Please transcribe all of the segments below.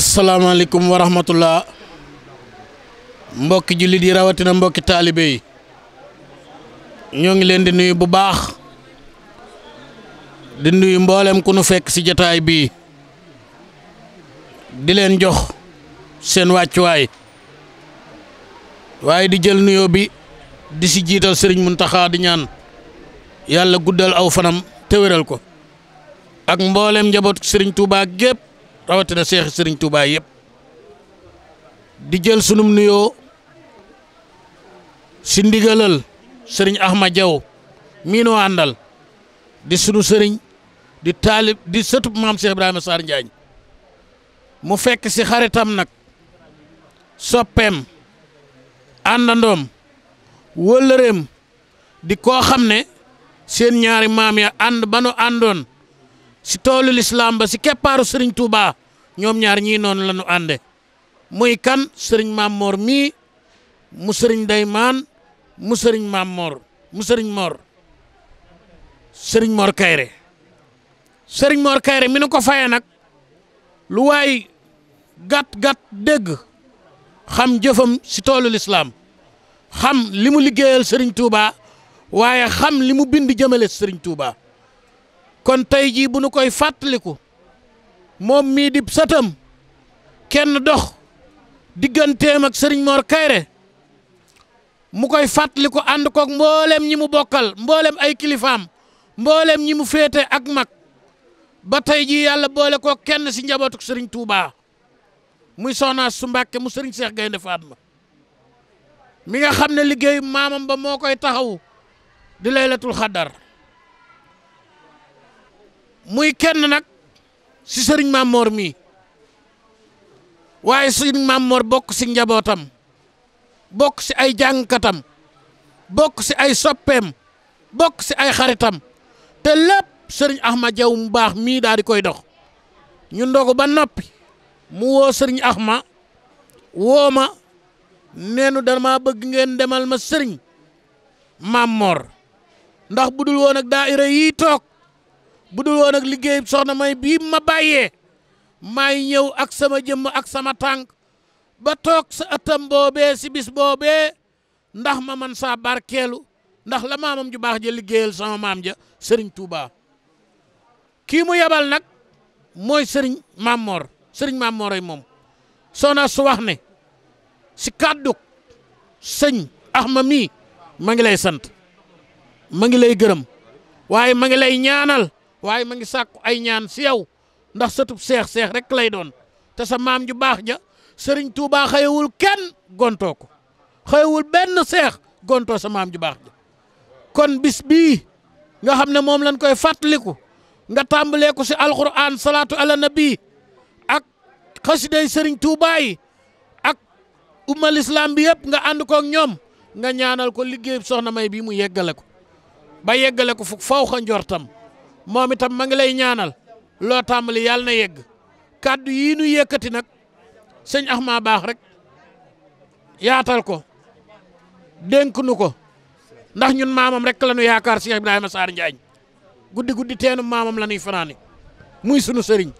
asalaamaaleykum wa rahmatullah mbokki jullit yi rawatina mbokki taalibe yi ñoo ngi leen di nuyu bu baax di nuyu mboolem ku nu fekk ci jataay bii di leen jox seen wàccuwaay waaye di jël nuyoo bi di ci jiital sëriñ Muntaxa di ñaan yàlla guddal aw fanam te wéral ko ak mboolem njaboot sëriñ Tuubaa gépp tawatina seexi sëriñ Touba yëpp di jël sunum nuyoo si ndigalal sëriñ Ahmad Jaw miinoo àndal di sunu sëriñ di taalib di sëtub maam Cheikh Ibrahima Sarr Njaañ mu fekk si xaritam nag soppeem àndandoom wëllëreem di koo xam ne seen ñaari maam ya ànd ba nu àndoon si toolu lislaam ba si keppaaru sëriñ Touba ñoom ñaar ñii noonu la ñu ànde muy kan sëriñ Maam Mor mii mu sëriñ day maan mu sëriñ mam Mor mu sëriñ Mor sëriñ Mor Kayre sëriñ Mor Kayre mi nu ko fayee nag lu waay gàtt-gàtt dégg xam jëfam si toolu lislaam xam li mu liggéeyal sëriñ Touba waaye xam li mu bind jëmale sëriñ Touba kon tey jii bu nu koy fàttaliku moom mii di sëtam kenn dox digganteem ak sëriñ Mor Kayre mu koy fàttaliku ànd koog mboolem ñi mu bokkal mboolem ay kilifaam mboolem ñi mu féete ak mag ba tey jii yàlla boole ko kenn si njabootuk sëriñ Touba muy soxna su Mbàkke mu sëriñ Seex Gaynde ma mi nga xam ne liggéeyu maamam ba moo koy taxaw di laylatul xaddar muy kenn nag si sëriñ Mamor mii waaye sëriñ Mamor bokk si njabootam bokk si ay jàngkatam bokk si ay soppeem bokk si ay xaritam te lépp sëriñ ma Jaw mu baax mii daal di koy dox ñu ndogu ba noppi mu woo sëriñ Axma ma wooma neenu dama bëgg ngeen demal ma sëriñ Mamor ndax budul woon ak daayira yii toog bu dul woon ak soxna may bii ma bàyyee maay ñëw ak sama jëmm ak sama tànk ba toog sa ëttam boobee si boobee ndax ma man saa barkeelu ndax la maamam ju baax ja liggéeyal sama maam ja sëriñ Touba kii mu yebal nag mooy sëriñ Mamor sëriñ Mamor ay moom soxna su wax ne si kàddu sëñ Axma mii ma ngi lay sant ma ngi lay gërëm waaye ma ngi lay ñaanal. waaye ma ngi sàkku ay ñaan si yow ndax sëtub seex seex rek lay doon te sa maam ju baax ja sëriñ Touba xayewul kenn gontoo ko xëyewul benn seex gontoo sa maam ju baax ja kon bis bii nga xam ne moom lañ koy fàttaliku nga tàmbalee ko si alquran salaatu ala nabi ak xasiday sëriñ Touba ak ummal islam bi yëpp nga ànd koog ñoom nga ñaanal ko liggéey soxna may bii mu yeggale ko ba yeggale ko fu faw xa njortam moom itam ma ngi lay ñaanal loo tàmbali yàlla na yegg kàddu yii nu yëkkati nag sëñ Axma baax rek yaatal ko dénk nu ko ndax ñun maamam rek la nu yaakaar Cheikh Ibrahima Sarr Njaañ guddi guddi teenu maamam la nuy fanaani muy sunu sëriñ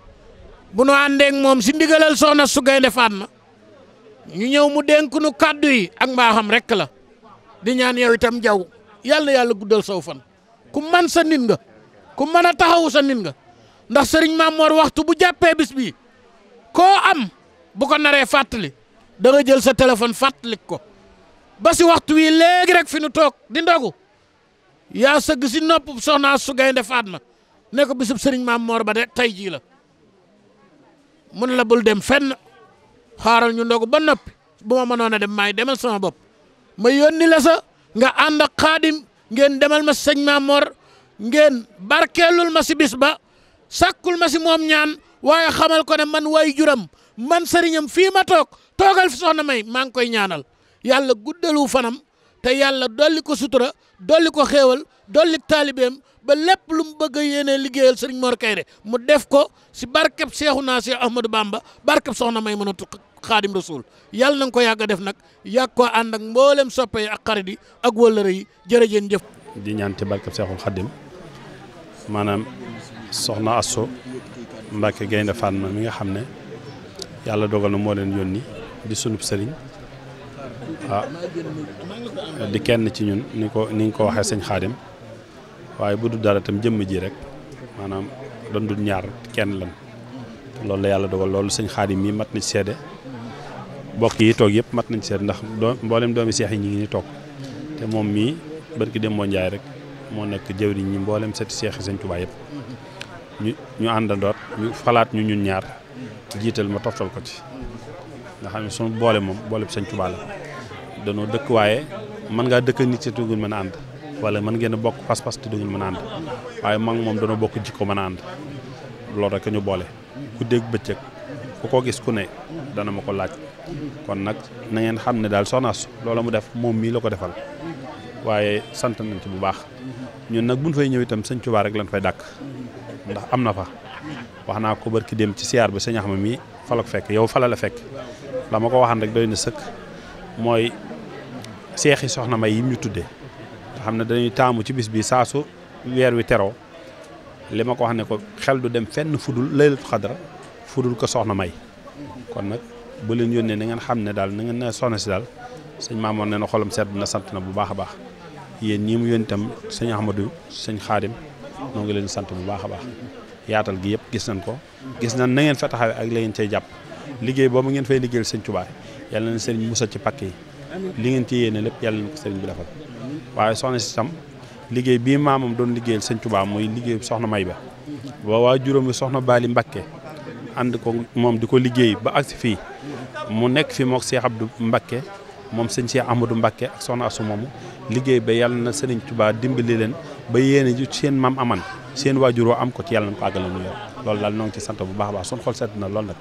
bu nu àndeek moom si ndigalal soxna su gaynde na ñu ñëw mu dénk nu kàddu yi ak mbaaxam rek la di ñaan yow itam jaww yàlla yàlla guddal saw fan ku man sa nit nga. ku mën a taxawu sa nit nga ndax sëriñ Mamor waxtu bu jàppee bis bii koo am bu ko naree fàttali da jël sa téléphone fàttali ko ba si waxtu wii léegi rek fi nu toog di ndogu yaa sëgg si nopp soxnaa su gaynde Fatma ne ko bisub sëriñ Mamor ba de tey jii la mun la bul dem fenn xaaral ñu ndogu ba noppi bu ma mënoon a dem maay demal sama bopp ma yónni la sa nga ànd ak ngeen demal ma sëñ Mamor ngeen barkeelul ma si bis ba sàkkul ma si moom ñaan waaye xamal ko ne man waay juram man sëriñam fii ma toog toogal fi soxna may maa ngi koy ñaanal yàlla guddalu fanam te yàlla dolli ko sutura dolli ko xéewal dolli taalibeem ba lépp lu mu bëgg a yéenee liggéeyal sëriñ Mor Kayre mu def ko si barkeb seexu naa Seex Ahmadou Bamba barkeb soxna may mën a tukk xaadim rasul yàlla na ko yàgg a def nag yàgg koo ànd ak mboolem soppe yi ak xarit yi ak wëllëre yi jërëjëf jëf di ñaan ci barkeb seexul xaadim maanaam soxna Asso Mbacke Gaynde Fatma mi nga xam ne yàlla dogal na moo leen yónni di sunub sëriñ ah di kenn ci ñun ni ko ni nga ko waxee sëñ Xaadim waaye bu du dara tam jëmm ji rek maanaam doon du ñaar kenn lan loolu la yàlla dogal loolu sëñ Xaadim yi mat na ci seede bokk yi toog yëpp mat ci seet ndax doo mboolem doomi seex yi ñu ngi ni toog te moom mii barki dem moo njaay rek moo nekk jëwriñ ñi mboolem sëti seexi sëñ Tuubaa yëpp ñu ñu àndandoot ñu falaat ñu ñun ñaar jiital ma toftal ko ci nga xam ne suñu boole moom boole bi sëñ Tuubaa la danoo dëkk waaye mën ngaa dëkk nit ci duggul mën a ànd wala mën ngeen a bokk pas-pas te duggul mën a ànd waaye mag moom danoo bokk jikko mën a ànd loolu rek ñu boole ku dégg bëccëg ku ko gis ku ne dana ma ko laaj kon nag na ngeen xam ne daal soxnaas loola mu def moom mii la ko defal waaye sant nañ ci bu baax ñun nag bu buñ fay ñëw itam sëñ Tuubaa rek lañ fay dàkk ndax am na fa wax naa ko ki dem ci siyaar bi sëñ Axma mi fa ko fekk yow fala la fekk la ma ko waxaan rek doy na sëkk mooy seexi soxna may yim ñu tuddee xam ne dañuy taamu ci bis bi saasu weer wi teroo li ma ko wax ne ko xel du dem fenn fudul laylatul xadra fudul ko soxna may kon nag bu leen yónnee nangeen xam ne daal na ngeen soxna si daal sëñ maamoon ne na xolam sedd na sant na bu baax a baax yéen ñii mu yónni itam sëñ Ahmadou sëñ Xaadim moo ngi leen sant bu baax a baax yaatal gi yëpp gis nañ ko gis nañ na ngeen fa taxawee ak la ngeen cay jàpp liggéey boobu ngeen fay liggéeyal sëñ Tuubaa yàlla na leen sëriñ ci pakk yi li ngeen ci yéene lépp yàlla na ko sëriñ bi waaye soxna si tam liggéey bii maamam doon liggéeyal sëñ Tuubaa mooy liggéey soxna may ba ba juróom juróomi soxna Baali Mbakke ànd ko moom di ko liggéey ba agsi fii mu nekk fi mook Cheikh Abdou Mbakke moom sëñ Cheikh Amadou Mbakke ak soxna asu liggéey ba yàlla na Sëriñ Tuubaa dimbali leen ba yéene ju seen maam aman seen waajuroo am ko ci yàlla na mu yor loolu daal noo ngi sant bu baax a baax sun xol sedd na loolu nag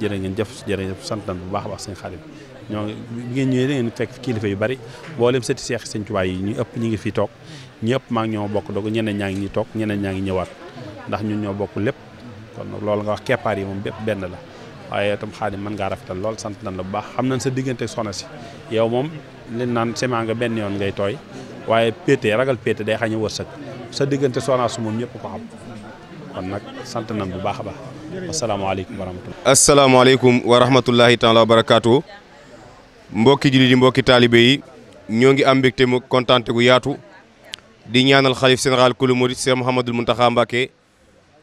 jërë ngeen jëf bu baax a baax seen xarit ñoo ngeen ñëwee da ngeen fekk kilifa yu bari mboolem sëti seex Sëriñ Tuubaa yi ñu ëpp ñu ngi fi toog ñu ëpp maa ngi ñoo bokk doog ñeneen ñaa ngi ñuy toog ñeneen ñaa ngi ñëwaat ndax ñun ñoo bokk lépp kon nag loolu nga wax keppaar yi moom bépp benn la waaye itam xaadim man ngaa rafetal lool sant nañ la bu baax xam nañ sa diggante soxna si yow moom li naan sement nga benn yoon ngay tooy waaye péete ragal péete day xañ a wërsëg sa diggante Sonasu moom ñëpp ko xam kon nag sant nañ bu baax a baax asalaamaaleykum wa rahmatulah. asalaamaaleykum wa rahmatulahi taala wa barakaatu mbokki jullit yi mbokki taalibe yi ñoo ngi am mbégte mu kontaante gu yaatu di ñaanal xalif général kulu murit Cheikh Mouhamadul Mountakha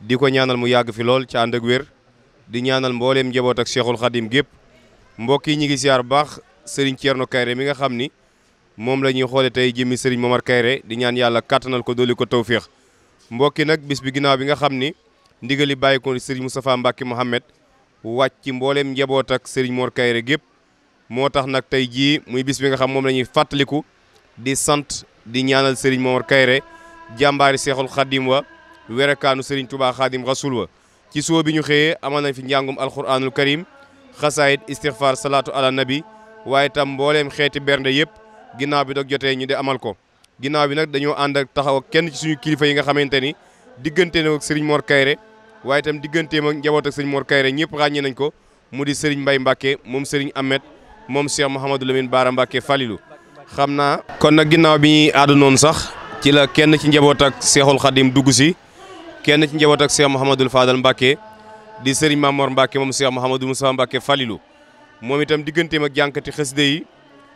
di ko ñaanal mu yàgg fi lool ca ànd ak wér di ñaanal mbooleem njaboot ak Cheikhul Khadim gépp mbokk yi ñu ngi Serigne Thierno Kairé mi nga xam ni moom la ñuy xoole tey jëmmi Serigne Momar Kairé di ñaan yàlla kàttanal ko dolli ko tawféex mbokki nag bis bi ginnaaw bi nga xam ni ndigali bàyyi ko Serigne Moustapha Mbacke Mohamed wàcc ci mbooleem njaboot ak Serigne Mor Kairé gépp moo tax nag tey jii muy bis bi nga xam moom la ñuy fàttaliku di sant di ñaanal Serigne Momar Kairé jàmbaari seexul xadim wa werekaanu Serigne Touba xadim rasul wa ci suba bi ñu xëyee amal nañ fi njàngum alquranul karim waaye itam mbooleem xeeti bernde yëpp ginnaaw bi dog jotee ñu di amal ko ginnaaw bi nag dañoo ànd ak taxaw ak kenn ci suñu kilifa yi nga xamante ni diggante ak sëriñ Mor Kayre waaye itam digganteem ak njaboot ak sëriñ Mor ñëpp ràññee nañ ko mu di sëriñ Mbay Mbàkke moom sëriñ Ahmed moom Cheikh Mouhamadou Lamine Baara Mbàkke Falilou xam naa kon nag ginnaaw bi ñuy àddu noonu sax ci la kenn ci njaboot ak Seexul Xadim dugg si kenn ci njaboot ak Cheikh Mouhamadou Fadal mbake di sëriñ Mamor Mbàkke moom Cheikh Mouhamadou Moussa Mbàkke Falilou moom itam digganteem ak jànkati xasida yi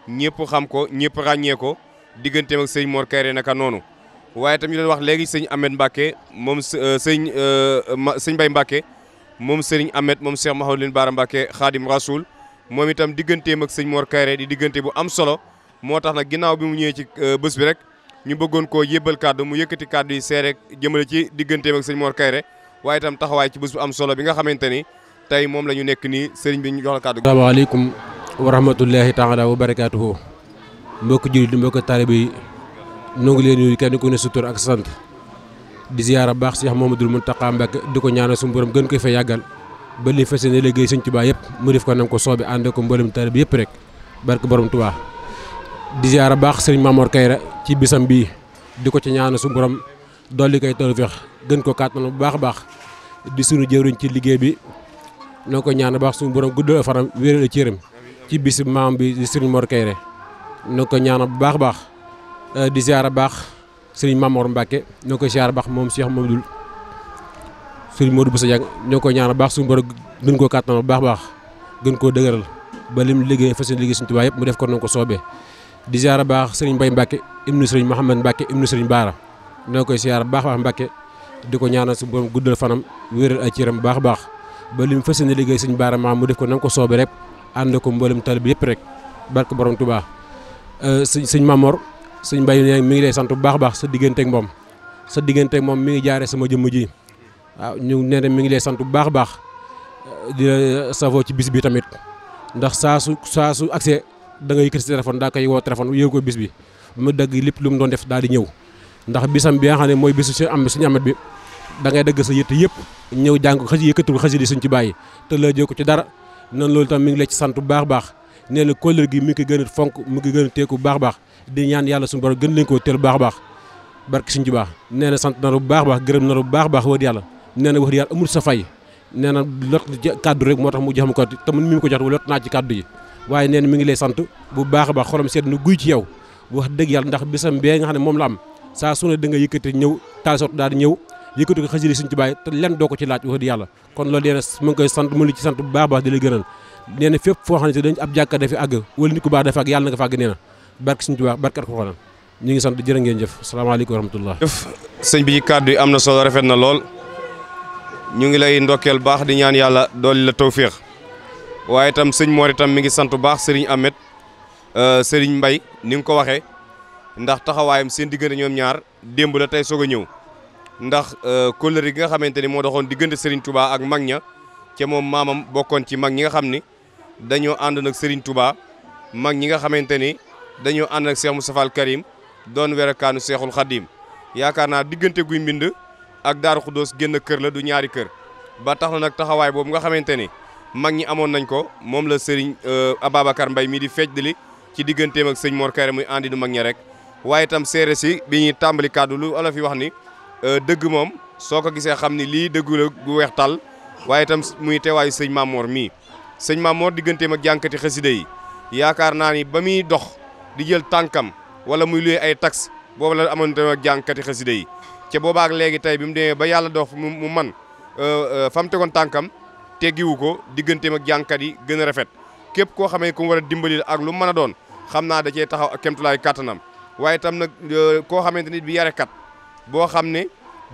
ñëpp xam ko ñëpp ràññee ko digganteem ak sëñ Mor Kayre naka noonu waaye itam ñu doon wax léegi sëñ Ahmed Mbacke moom euh, sëñ euh, sëñ Mbaye Mbacke moom sëriñ Ahmed moom Cheikh Mahamadou Bara Mbacke Khadim Rasoul moom itam digganteem ak sëñ Mor Kayre di diggante bu am solo moo tax na ginnaaw bi mu ñëwee ci euh, bés bi rek ñu bëggoon koo yëbbal kàddu mu yëkkati kàddu yi seere jëmale ci digganteem ak sëñ Mor Kayre waaye itam taxawaay ci bés bu am solo bi nga xamante ni tey moom la ñu nekk nii sëriñ bi ñu jox la kàddu gi. asalaamaaleykum wa rahmatullahi taala wa barakaatuhu mbokki jullit mbokki taalibe yi ñoo ngi leen nuyu kenn ku ne sutur ak sant di ziyaara baax moom Cheikh Mouhamadoul Mountakha Mbacké di ko ñaanal suñu borom gën koy fa yàggal ba li fas yéene liggéey Sëriñ baa yëpp mu def ko nam ko soobi ànd ko mboolem taalibe yëpp rek barke borom Tuubaa di ziyaara baax sëriñ Mamor Kayra ci bisam bii di ko ci ñaanal suñu borom dolli koy tawfeex gën ko kàttan bu baax a baax di sunu ci liggéey bi noo ko ñaana baax suñu borom guddal fanam wéral cëram ci bis maam bi di sëriñ Mor Kayre noo ko ñaana bu baax baax euh, di ziar baax sëriñ Mamor Mbacke noo ko ziar baax moom Cheikh Mamadou sëriñ Modou Boussa Diagne ñoo ko ñaan baax suñu borom gën koo kàttan bu baax baax gën koo dëgëral ba lim liggéey fas yéene liggéey suñu Tuubaa mu def ko noonu ko soobee di ziar baax sëriñ Mbaye Mbacke ibnu sëriñ Mouhamad Mbacke ibnu sëriñ Baara noo koy ziar baax baax Mbacke di ko ñaana suñu borom guddal fanam wéral ay cëram baax baax ba li mu fas yéene liggéey suñu baaraam mu def ko na nga ko soobee rek ànd ko mboolem talib yëpp rek barke borom Touba euh, suñ suñ Mamor suñ mbay mi mi ngi lay sant bu baax baax sa digganteeg moom sa digganteeg moom mi ngi jaaree sama jëmm ji waaw ñu nee mi ngi lay sant bu baax baax euh, di la ci bis bi tamit ndax saa su saa su accès da ngay yëkkati téléphone daa koy woo téléphone yëgu ko bis bi mu dagg lépp lu mu doon def daal di ñëw ndax bisam bi nga xam ne mooy bisu suñu am suñu amat bi. dangay ngay dëgg sa yitte yëpp ñëw jàng ko xasi yëkkatul xasi di suñ ci bàyyi te la jël ko ci dara noonu loolu tam mi ngi la ci sant bu baax baax nee na kóllër gi mi ngi ko gën a ngi gën a teeku baax baax di ñaan yàlla suñu borom gën leen koo teel baax baax barki suñ ci baax nee na sant na bu baax baax gërëm na bu baax baax wax yàlla nee na wax di yàlla amul sa fay na lot kàddu rek moo tax mu jox ma ko te man mi ko jox lot naa ci kàddu yi waaye nee ngi lay sant bu baax a baax xolam seet na guy ci yow wax dëgg yàlla ndax bisam bee nga xam ne moom la am saa su ne da nga yëkkati ñëw taal sot daal di ñëw yëkkati ko xasida Sëriñ Tuubaa te lenn doo ko ci laaj wax di yàlla kon loolu nee na mu ngi koy sant mu ngi ci sant bu baax baax di la gënal nee fépp foo xam ne dañ ab jàkka dafa àgg wala nit ku baax dafa àgg yàlla na nga fa àgg nee na barke Sëriñ Tuubaa barke ko xonam ñu ngi jërë ngeen jëf salaamaaleykum wa rahmatullah sëñ bi kàddu yi am na solo rafet na lool ñu ngi lay ndokkeel baax di ñaan yàlla dool dooli la tawféex waaye itam sëñ Mor itam mi ngi sant bu baax sëriñ Ahmed euh, sëriñ Mbay ni nga ko waxee ndax taxawaayam seen diggante ñoom ñaar démb la tey soog a ñëw ndax euh, kóllëre gi nga xamante ni moo doxoon diggante Serigne Touba ak mag ña ca moom maamam bokkoon ci mag ñi nga xam ni dañoo ànd nag Serigne Touba mag ñi nga xamante ni dañoo ànd ak Cheikh Moustapha Al Karim doon werekaanu Cheikhul Khadim yaakaar naa diggante guy mbind ak Daaru Xuddoos génn kër la du ñaari kër ba tax na nag taxawaay boobu nga xamante ni mag ñi amoon nañ ko moom la Serigne euh, Ababacar Mbaye mii di feejli ci digganteem ak sëñ moor Kayré muy andi mag ña rek waaye itam si bi ñuy tàmbali lu ala fi wax ni. Euh, dëgg moom soo ko gisee xam ni lii dëggu la bu weex tal waaye itam muy teewaayu sëñ Mamor mii sëñ Mamor digganteem ak jànkati xasida yi yaakaar naa ni ba muy dox di jël tànkam wala muy luy ay tax boobu la amoon tamit ak jànkati xasida yi boobaak léegi tey bi mu demee ba yàlla dox mu man euh, euh, fam tegoon tànkam teggiwu ko digganteem ak jànkat yi gën a rafet képp koo xamee ku mu war a dimbali ak lu mën a doon xam naa da cee taxaw ak kemtulaay kàttanam waaye itam nag koo xamante nit bi yarekat boo xam ne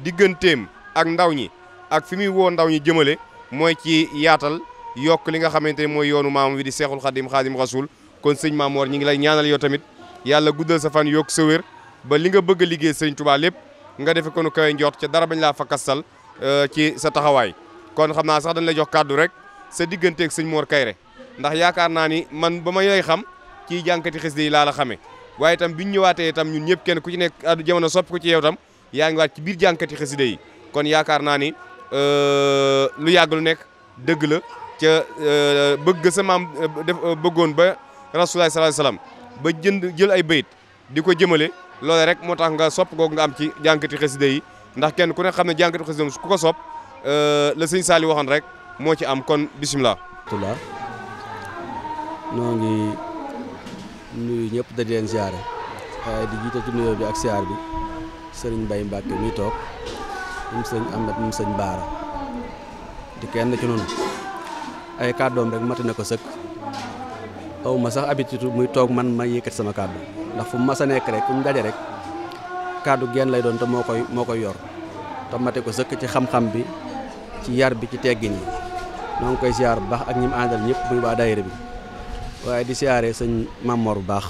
digganteem ak ndaw ñi ak fi muy woo ndaw ñi jëmale mooy ci yaatal yokk li nga xamante ne mooy yoonu maam wi di seexul xadim xaadim rasul kon sëñ Maamoor ñi ngi lay ñaanal yoo tamit yàlla guddal sa fan yokk sa wér ba li nga bëgg liggéey sëñ Tuubaa lépp nga defe ko nu kawe njort ca dara bañ laa fa kastal euh, ci sa taxawaay kon xam naa sax dañ lay jox kàddu rek sa digganteeg sëñ Mor Kayre ndax yaakaar naa ni man ba ma lay xam ci jànkati xis yi laa la xamee waaye itam biñ ñëwaatee itam ñun ñëpp kenn ku ci nekk jamono soppi ko ci yow tam yaa ngi waat ci biir jànkati xasida yi kon yaakaar naa ni euh, lu yàgg lu nekk dëgg la ca euh, bëgg sa maam euh, bëggoon ba rasulullah sallallahu alayhi wasallam ba jënd jël ay bayit di ko jëmale loole rek moo tax nga sopp googu nga am ci jànkati xasida yi ndax kenn ku ne xam ne jànkati xasida ku ko sopp la sëñ Saali waxoon rek moo ci am kon bisimilah. tula noo ngi ñëpp da di leen ziare di jiite ci nuyoo bi ak ziar bi. sëriñ Baye Mbacke mi toog moom sëñ Amet moom sëñ Baara di kenn ci noonu ay kàddoom rek mat na ko sëkk aw ma sax habitude muy toog man ma yëkkat sama kàddu ndax fu mas a nekk rek fu mu daje rek kàddu genn lay doon te moo koy moo koy yor te mate ko sëkk ci xam-xam bi ci yar bi ci teggin yi noo ngi koy siyaar bu baax ak ñi mu àndal ñëpp muy waa daayira bi waaye di siyaaree sëñ Mamor bu baax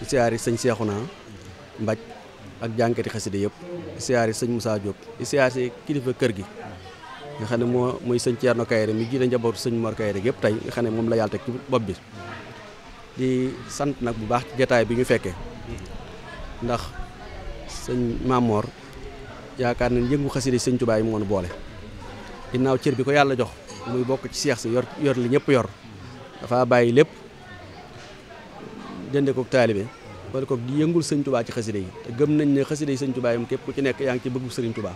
di yi sëñ Seexuna Mbaj ak jànkati xasida yëpp siyaare sëñ Moussa Diop di siyaare kilifa kër gi nga xam ne moo mooy sëñ Thierno Kayre mi jiite njaboot sëñ Mor Kayre yépp tey nga xam ne moom la yàlla teg ci bopp bi di sant nag bu baax ci jataay bi ñu fekkee ndax sëñ Mamor yaakaar nañ yëngu xasida sëñ Tuubaa yi moo nu boole ginnaaw cër bi ko yàlla jox muy bokk ci seex si yor yor li ñëpp yor dafa bàyyi lépp dende ko taalibe boole ko di yëngul sëñ tubaa ci xasida yi te gëm nañ ne xasida yi sëñ tubaa yi képp ku ci nekk yaa ngi ci bëggu sëriñ tubaa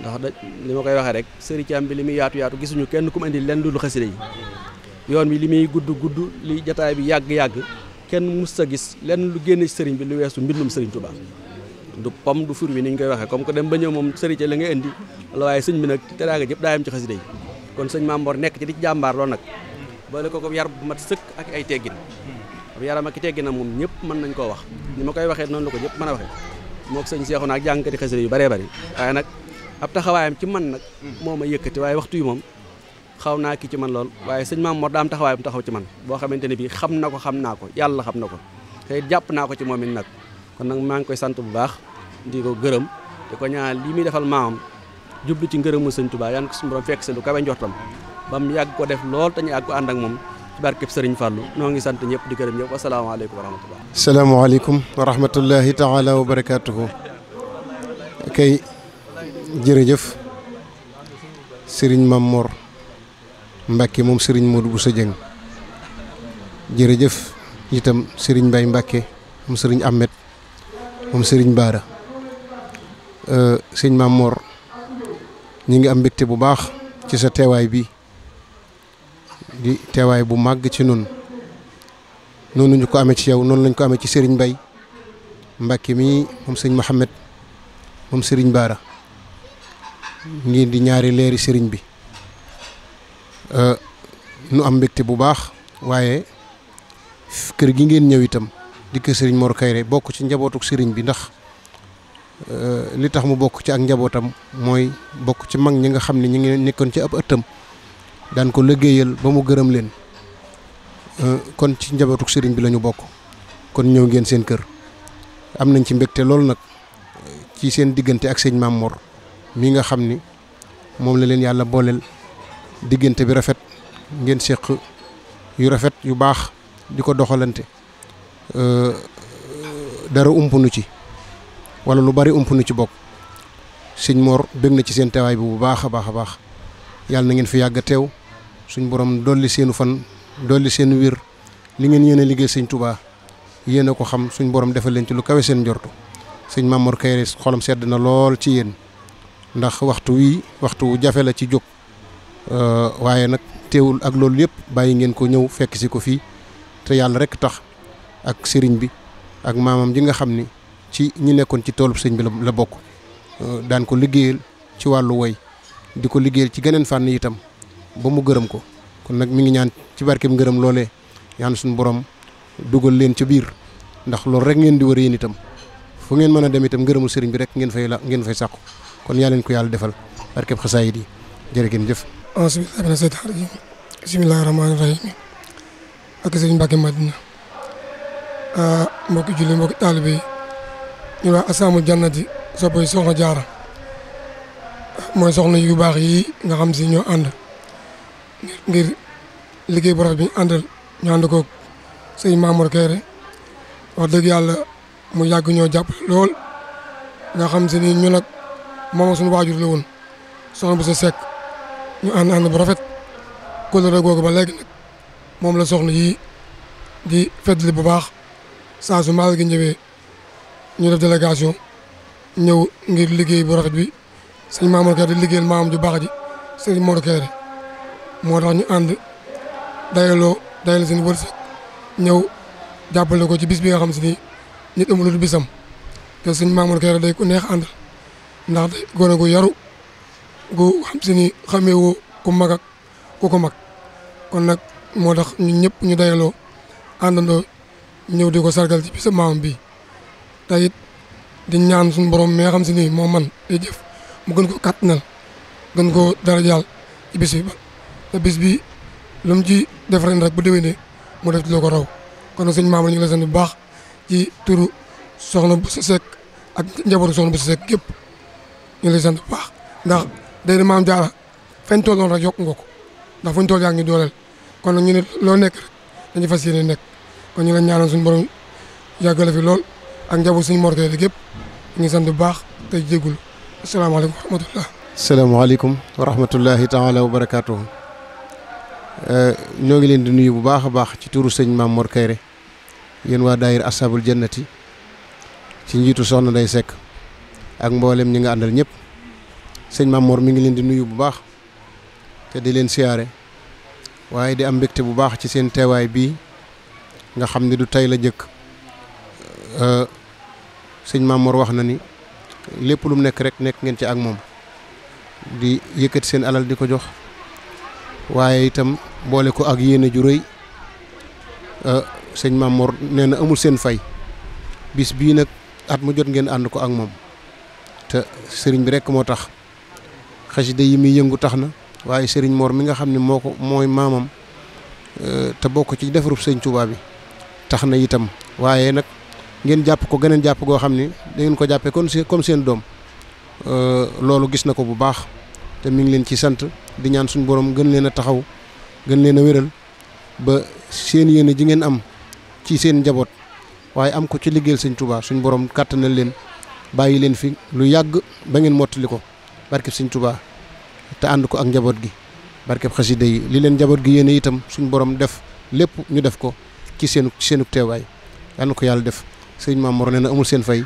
ndax da li ma koy waxee rek sëriñ Thiam bi li muy yaatu yaatu gisuñu kenn ku mu indi lenn lu dul yi yoon wi li muy gudd gudd li jataay bi yàgg-yàgg kenn mus sa gis lenn lu génn ci sëriñ bi lu weesu mbindum sëriñ tubaa du pom du fur bi ni ñu koy waxee comme que dem ba ñëw moom sëriñ la nga indi la waaye sëñ bi nag teraanga jëpp daa yam ci xasida yi kon sëñ Mamboor nekk ci di jàmbaar lool nag boole ko ko yar bu mat sëkk ak ay teggin ab yaram ak teggi na moom ñëpp mën nañ koo wax ni ma koy waxee noonu la ko ñëpp mën a waxee moo ko sëñ Seexuna ak jàngkati xasida yu bëree bëri waaye nag ab taxawaayam ci man nag moom ma yëkkati waaye waxtu yu moom xaw naa ki ci man lool waaye sëñ maam Mor daa mu taxawaayam taxaw ci man boo xamante ne bii xam na ko xam naa ko yàlla xam na ko te jàpp naa ko ci moom it nag kon nag maa ngi koy sant bu baax di ko gërëm di ko ñaanal li muy defal maamam jublu ci ngërëmu sëñ Tuubaa yaan ko suñu borom fekk si lu kawe njortam ba mu yàgg ko def lool te ñu ko ànd ak moom ci barkeb Serigne Fallou ngi sant ñëpp di gërëm ñëpp asalaamaaleykum wa rahmatullah. salaamaaleykum wa rahmatullahi taala wa barakaatuhu. kay jërëjëf Serigne Mame Mor Mbacke moom Serigne Modou Bousso Dieng jërëjëf itam Serigne Mbaye Mbacke moom sëriñ amet moom Serigne Baara euh, sëñ Mame Mor ñu ngi am mbégte bu baax ci sa teewaay bi teewaay bu màgg ci nun noonu ñu ko amee ci yow noonu lañ ko amee ci Serigne Mbaye Mbacke mii moom sëñ Mouhamed moom sëriñ Baara ngeen di ñaari leeri sëriñ bi euh, nu am mbégte bu baax waaye kër gi ngeen ñëw itam di kër sëriñ Mor Kayre bokk ci njabootuk sëriñ bi ndax euh, li tax mu bokk ci ak njabootam mooy bokk ci mag ñi nga xam ne ñu ngi nekkoon ci ab ëttam. dan ko liggéeyal ba mu gërëm leen euh, kon ci njabootu sëriñ bi lañu bokk kon ñëw ngeen seen kër am nañ ci mbégte loolu nag ci seen diggante ak sëñ Maam Mor mi nga xam ni moom la leen yàlla booleel diggante bi rafet ngeen séq yu rafet yu baax di ko doxalante euh, dara nu ci wala lu bari umpunu ci bokk sëñ moor bég na ci seen teewaay bi bu baax a baax a baax yàlla na ngeen fi yàgg teew suñ borom dolli seenu fan dolli seen wér li ngeen yéene liggéey sëñ Touba yéen a ko xam suñ borom defal leen ci lu kawe seen jorto njortu sëñ Mamour Kayré xolam sedd na lool ci yéen ndax waxtu wii waxtu jafe la ci jóg euh, waaye nag teewul ak loolu yëpp bàyyi ngeen ko ñëw fekk si ko fii te yàlla rek tax ak sëriñ bi ak maamam ji nga xam ni ci ñi nekkoon ci toolub sëñ bi la bokk euh, daan ko liggéeyal ci wàllu woy di ko liggéeyal ci geneen fànn itam ba mu gërëm ko kon nag mu ngi ñaan ci barkeem ngërëm loole ñaan suñu borom dugal leen ca biir ndax loolu rek ngeen di wër yéen itam fu ngeen mën a dem itam ngërëmul sëriñ bi rek ngeen fay la ngeen fay sàqu kon yaa leen ko yàlla defal barkeem xasaayid yi jërë ngeen jëf. bismillaahi rahmaani rahiim ak sëriñ Mbàkke Madina ah, mbokki julli mbokki taalibe yi ñu waa asaamul jannati soppay soxna jaara mooy soxna yu baax yii nga xam si ñoo ànd ngir liggéey bu rafet bi ñu àndal ñu ànd ko sëñ Mamour Kéré wax dëgg yàlla mu yàgg ñoo jàpp lool nga xam si ni ñu nag moom suñu waajur la woon soxna bu sa sekk ñu ànd ànd bu rafet kóllëre googu ba léegi nag moom la soxna yi di fëttali bu baax saa su gi ñëwee ñu def délégation ñëw ngir liggéey bu rafet bi. sëñ Mamour Kéré di liggéeyal maamam ju baax ji sëñ Mor Kéré moo tax ñu ànd dayaloo dayal seen wërsëg ñëw jàppale ko ci bis bi nga xam si ni nit amul lu bisam te sëñ Mamour Kéré day ku neex ànd ndax day gone gu yaru gu xam si ni xamee woo ku mag ku ko mag kon nag moo tax ñun ñëpp ñu dayaloo àndandoo ñëw di ko sargal ci bisam maamam bi te di ñaan suñ borom mi nga xam si ni moo man di jëf. mu gën ko kàttanal gën koo darajaal ci bis bi ba te bis bi lu mu ci def ren rek bu déwénee mu def ci loo ko raw kon sëñ Mamour ñu ngi lay sant bu baax ci turu soxna bu si sekk ak njabootu soxna bu si sekk yëpp ñu ngi lay sant bu baax ndax dee na maam jaara fañ tool noonu rek yokk nga ko ndax fuñ toll yaa ñu dooleel kon nag ñu ne loo nekk rek dañu fas yéene nekk kon ñu la ñaanal suñu borom yàggale fi lool ak njaboot suñu morteel képp ñu ngi sant bu baax tey jégalu. asalaamaaleykum wa rahmatulah. salaamaaleykum wa rahmatullahi taala wa eh, ñoo ngi leen di nuyu bu baax a baax ci turu sëñ Maam Kayre yéen waa daayir Ashabul Jannati ci njiitu soxna day sekk ak mboolem ñi nga àndal ñëpp sëñ Maam Mor mi ngi leen di nuyu bu baax te di leen siyaare waaye di am mbégte bu baax ci seen teewaay bii nga xam ni du tey la jëkk eh, sëñ Maam wax na ni. lépp lu mu nekk rek nekk ngeen ci ak moom di yëkkati seen alal di ko jox waaye itam boole ko ak yéene ju rëy euh, sëñ Mamour nee na amul seen fay bis bii nag at mu jot ngeen ànd ko ak moom te sëriñ bi rek moo tax xasida yi muy yëngu tax na waaye sëriñ moor mi nga xam ne moo ko mooy maamam euh, te bokk ci defaru sëñ Tuubaa bi tax na itam waaye nag ngeen jàpp ko geneen jàpp goo xam ni dangeen ko jàppee kon comme seen doom euh, loolu gis na ko bu baax te mi ngi leen ci sant di ñaan suñu borom gën leen a taxaw gën leen a wéral ba seen yéene ji ngeen am ci seen njaboot waaye am ko ci liggéeyal sëñ tubaa suñu borom kàttanal leen bàyyi leen fi lu yàgg ba ngeen mottali ko barkeb sëñ Touba te ànd ko ak njaboot gi barkeb xasida yi li leen njaboot gi yéene itam suñ borom def lépp ñu def ko ci seen seenu teewaay yal ko yàlla def. sëñ Maam Mor nee na amul seen fay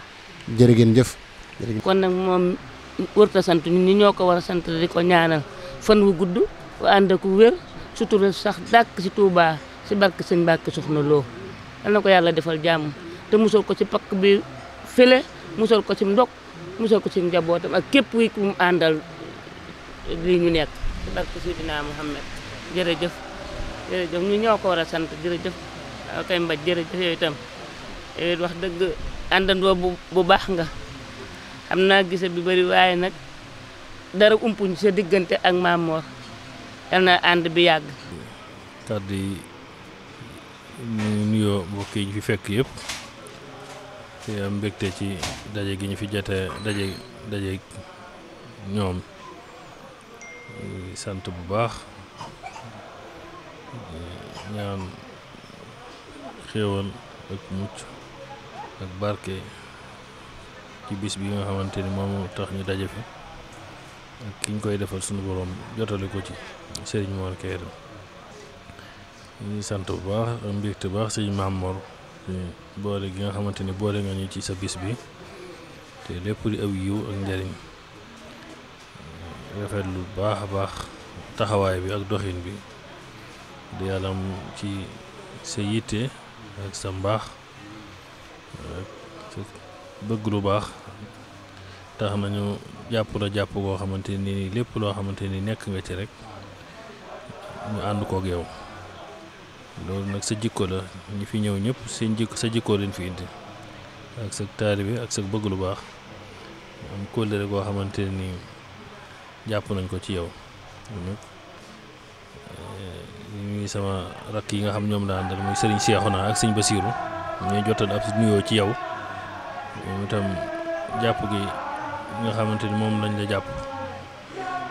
jërë ngeen jëf. kon nag moom wër ta sant ñun ñi ñoo ko war a sant di ko ñaanal fan wu gudd bu ànd ak wér sutura sax dàkk si Touba si barke sëñ Mbàkke Soxna Lo yal na ko yàlla defal jàmm te musal ko ci pakk bi fële musal ko ci ndog musal ko ci njabootam ak képp wi ku mu àndal lii ñu nekk si barke Seydina Muhammad jërëjëf jërëjëf ñu ñoo ko war a sant jërëjëf kay mbaj jërëjëf yooyu itam yow eh, wax dëgg àndandoo bu baax nga xam naa gise bi bari waaye nag dara umpuñ sa diggante ak Maam yal na ànd bi yàgg. kàddu yi ñu nuyoo mbokk ñu fi fekk yépp te am mbégte ci daje gi ñu fi jote daje daje ñoom sant bu baax ñaan xéewal ak mucc. ak barke ci bis bi nga xamante ni moom tax ñu daje fi ak ki ñu koy defal suñu borom jotale ko ci sëriñ Mor Kairé ñu sant bu baax ak mbégte bu baax sëriñ Maam Mor boole gi nga xamante ni boole nga ñu ci sa bis bi te lépp di aw yiw ak njariñ rafet lu baax a baax taxawaay bi ak doxin bi di yàlla ci sa yitte ak sa mbaax bëgg lu baax tax nañu jàpp la jàpp goo xamante nii lépp loo xamante nii nekk nga ci rek ñu ànd koog yow loolu nag sa jikko la ñi fi ñëw ñëpp seen jikko sa jikko leen indi ak sa taalibe ak sa bëgg lu baax am kóllëre goo xamante ni jàpp nañ ko ci yow ñu ngi eh, sama rakk yi nga xam ñoom laa àndal muy Serigne naa ak Serigne Bassirou ñu jotal ab nuyoo ci yow moom itam jàpp gi nga xamante ni moom lañ la jàpp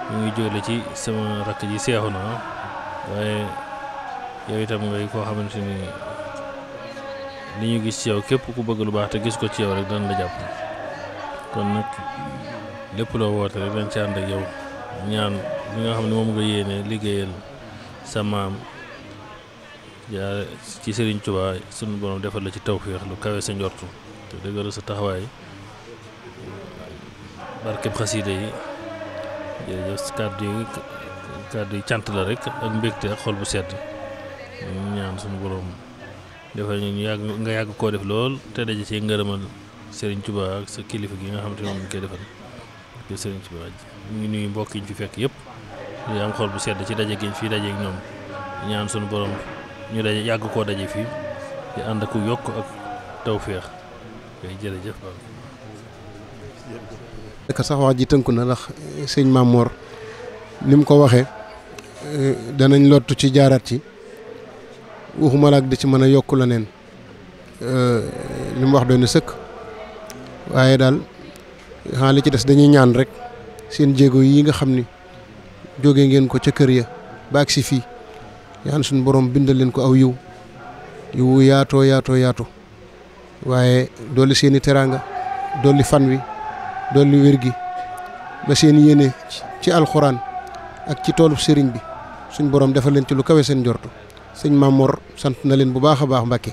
mu ngi jóole ci sama rakk ji seexu na waaye yow itam ngay koo xamante ni li ñu gis ci yow képp ku bëgg lu baax te gis ko ci yow rek dañ la jàpp kon nag lépp loo woote rek dañ ci ànd ak ñaan li nga xam ne moom nga yéene liggéeyal sa maam yaa ci Serigne Touba sunu borom defal la ci tawféex lu kawe sa njortu te dëggal sa taxawaay barkeb xasiida yi jërëjëf yi cant la rek ak mbégte ak xol bu sedd ñu ñaan sunu borom defal ñu yàgg nga yàgg koo def lool te daje ci ngërëmal sëriñ Touba ak sa kilifa gi nga xam te moom ñu koy defal ak Serigne Touba ñu ngi nuyu ñu fi fekk yëpp di am xol bu sedd ci daje gi ñu fi daje ak ñoom ñaan sunu borom. ñu daje yàgg koo daje fii di ànd ak yokk ak tawféex yooyu ji tënku na ndax eh, sëñ Mamor ni mu ko waxee eh, danañ lottu ci jaaraat ci waxuma laak di ci mën a yokk la neen eh, li mu wax doon sëkk waaye daal xanaa li ci des dañuy ñaan rek seen jéego yi nga xam ni jóge ngeen ko ca kër ya baag si fii. ñaan suñu borom bindal leen ko aw yiw yiw yaatoo yaatoo yaatu waaye dolli seeni teraanga dolli fan wi dolli wér gi ba seen yéene ci alxuraan ak ci toolu sëriñ bi suñ borom defal leen ci lu kawe seen njortu sëñ Mamor sant na leen bu baax a baax Mbàkke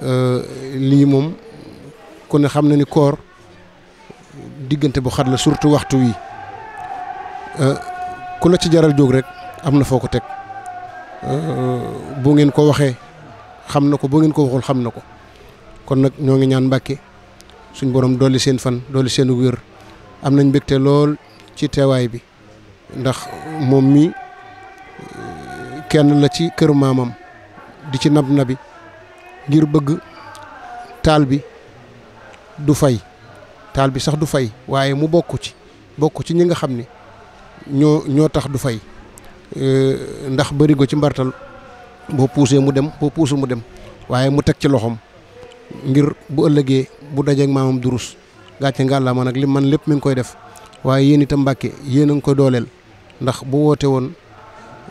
euh, lii moom ku ne xam na ni koor diggante bu xat la surtout waxtu wi euh, ku la ci jaral jóg rek am na foo ko teg bu ngeen ko waxee xam na ko bu ngeen ko waxul xam na ko kon nag ñoo ngi ñaan Mbàkke suñ borom dolli seen fan dolli seen wér am nañ mbégte lool ci teewaay bi ndax moom mi kenn la ci kër maamam di ci nab nabi ngir bëgg taal bi du fay taal bi sax du fay waaye mu bokk ci bokk ci ñi nga xam ni ñoo ñoo tax du fay Eh, ndax bërigo ci mbartal boo poussé mu dem boo puusul mu dem waaye mu teg ci loxoom ngir bu ëllëgee bu dajeeg maamam durus gàcce ngàllaama nag li man lépp mi ngi koy def waaye yéen itam mbàkke yéen a ngi koy dooleel ndax bu wootee woon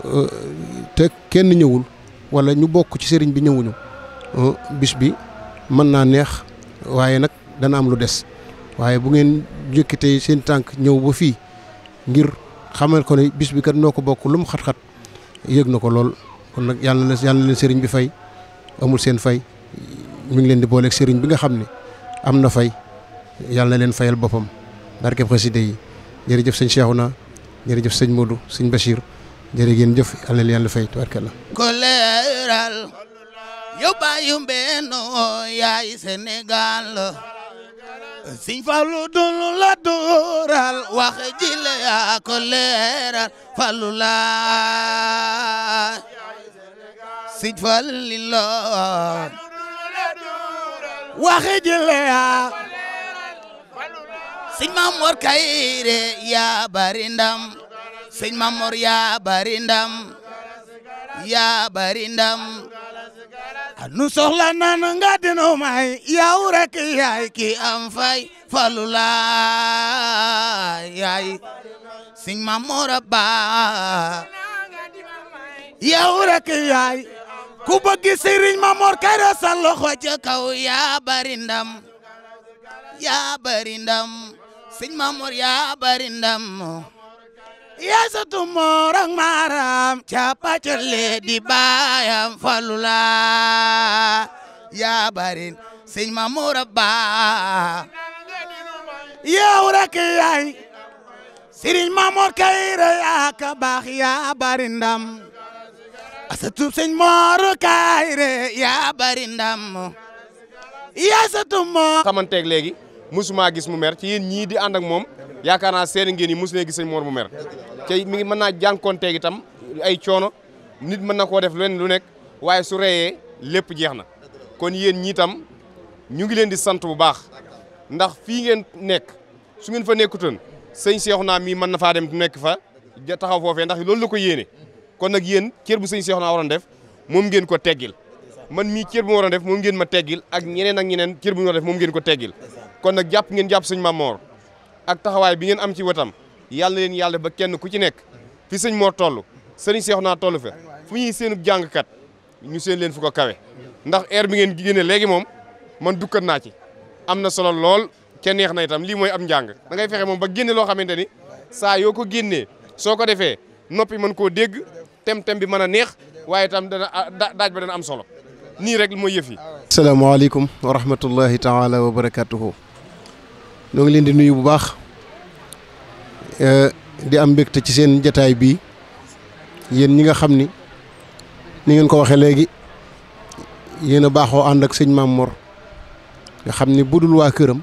eh, te kenn ñëwul wala ñu bokk ci sëriñ bi ñëwuñu eh, bis bi mën naa neex waaye nag dana am lu des waaye bu ngeen jëkkitee seen tànk ñëw ba fii ngir xamal ko ne bis bi kat noo ko bokk lu mu xat-xat yëg na ko lool kon nag yàlla na yàlla na leen sëriñ bi fay amul seen fay mu ngi leen di booleeg sëriñ bi nga xam ne am na fay yàlla leen fayal boppam barkeb xaside yi jërëjëf sëñ Cheikhouna jërëjëf sëñ Modou sëñ Bachir jërë ngeen jëf yàlla na yàlla fay tubarkalla ko leeral yow bàyyu mbenn yaay Sénégal Sëñ Fallu dun la dural wax ji ko leeral Fallu laa Sëñ Fallu wax ji la yaa Sëñ Mamor yaa bari ndam Sëñ Mamor yaa bari yaa bari nu soxla nan nga dinu may yaw rek ki am fay falu laay yaay sing ma moora baa yaw rek yaay ku bëgg sëriñ ma moor kayra sa loxo kaw yaa bari ndam yaa bari ndam sëriñ ma moor yaa bari ndam yeesatu moorak maaram cappa colle di baayam falula yaa barin sëñ ma moora baa yow rek yaay sëriñ ma moor kayre yaa ka baax yaa bari ndam asatu sëñ moor kayre yaa bari ndam yeesatu moor xamanteeg léegi mosumaa gis mu mer ci yéen ñii di ànd ak moom yaakaar naa seeni ngeen yi mosu leen gis sëñ Mor mu mer te mi ngi mën naa jànkonteeg itam ay coono nit mën na koo def leen lu nekk waaye su reyee lépp jeex na kon yéen ñii tam ñu ngi leen di sant bu baax ndax fii ngeen nekk su ngeen fa nekkutoon sëñ naa mii mën na faa dem nekk fa taxaw foofee ndax loolu la ko yéene kon nag yéen cër bu sëñ Seexuna waroon def moom ngeen ko teggil man mii cër bu ma war a def moom ngeen ma teggil ak ñeneen ak ñeneen cër bu ñu war def moom ngeen ko teggil kon nag jàpp ngeen jàpp ma moor ak taxawaay bi ngeen am ci wetam yàlla leen yàlla ba kenn ku ci nekk fi sëñ Mor toll sëriñ Seex naa tollu fa fu ñuy seenu jàngkat ñu seen leen fu ko kawe ndax air bi ngeen génne léegi moom man dukkat naa ci am na solo lool ca neex na itam lii mooy am njàng da ngay fexe moom ba génne loo xamante ni saa yoo ko génnee soo ko defee noppi mën koo dégg tem bi mën a neex waaye itam dana ah, daaj ba dana am solo nii rek mooy yëf yi. salaamaaleykum wa rahmatullahi taala wa barakaatuhu. ñoo ngi leen di nuyu bu baax eh, di am mbégte ci seen jataay bii yéen ñi nga xam ni ni ngeen ko waxee léegi yéen a baaxoo ànd ak sëñ Maam Mor nga xam ni budul waa këram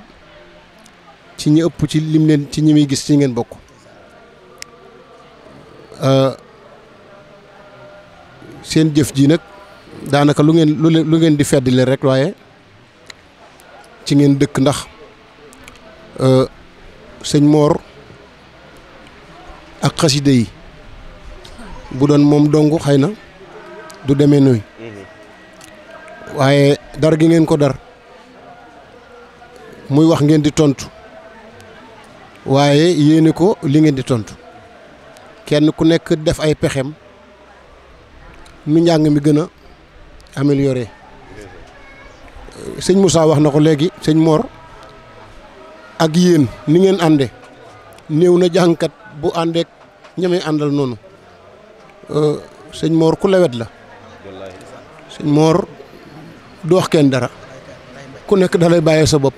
ci ñi ëpp ci lim leen ci ñi muy gis ci ngeen bokk. Eh, seen jëf ji nag daanaka lu ngeen lu ngeen di fedd leen rek waaye ci ngeen dëkk ndax euh, sëñ Mor ak xaside yi bu doon moom dong xëy na du deme nuy mhm. waaye dar gi ngeen ko dar muy wax ngeen di tontu waaye yéene ko li ngeen di tontu kenn ku nekk def ay pexeem mu njàng mi gën amélioré sëñ Moussa wax na ko léegi sëñ Mor ak yéen ni ngeen ànde néew na jàngkat bu àndeek ñamee àndal noonu euh, sëñ moor ku lewet la sëñ Mor du wax kenn dara ku nekk da lay bàyyee sa bopp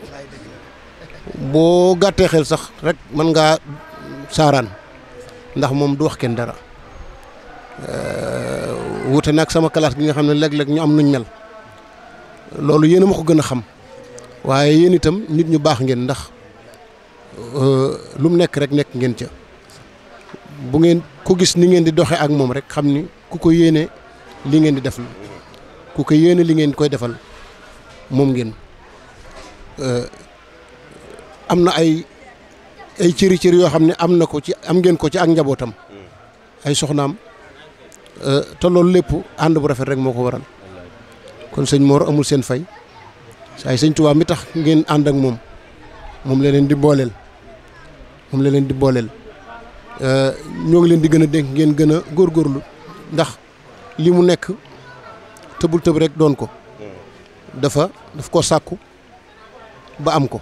boo gàttee xel sax rekk mën ngaa saaraan ndax moom du wax kenn dara Euh, wuute nag sama classe gi nga xam ne léeg-léeg ñu am nuñ mel loolu yéen a ma ko gën a xam waaye yéen itam nit ñu baax ngeen ndax euh, lu nekk rek nekk ngeen ca bu ngeen ko gis ni ngeen di doxee ak moom rek xam ni ku ko yéene li ngeen di def la ku ko yéene li ngeen koy defal moom ngeen euh, am na ay ay cëri cëri yoo xam ne am na ko ci am ngeen ko ci ak njabootam ay soxnaam. Euh, te loolu lépp ànd bu rafet rek moo ko waral kon sëñ moor amul seen fay saay sëñ Tuubaa mi tax ngeen ànd ak moom moom la leen di booleel moom la leen di booleel euh, ñoo ngi leen di gën a dénk ngeen gën a góor góorlu ndax li mu nekk tëbul tëb rek doon ko dafa daf ko sàkku ba am ko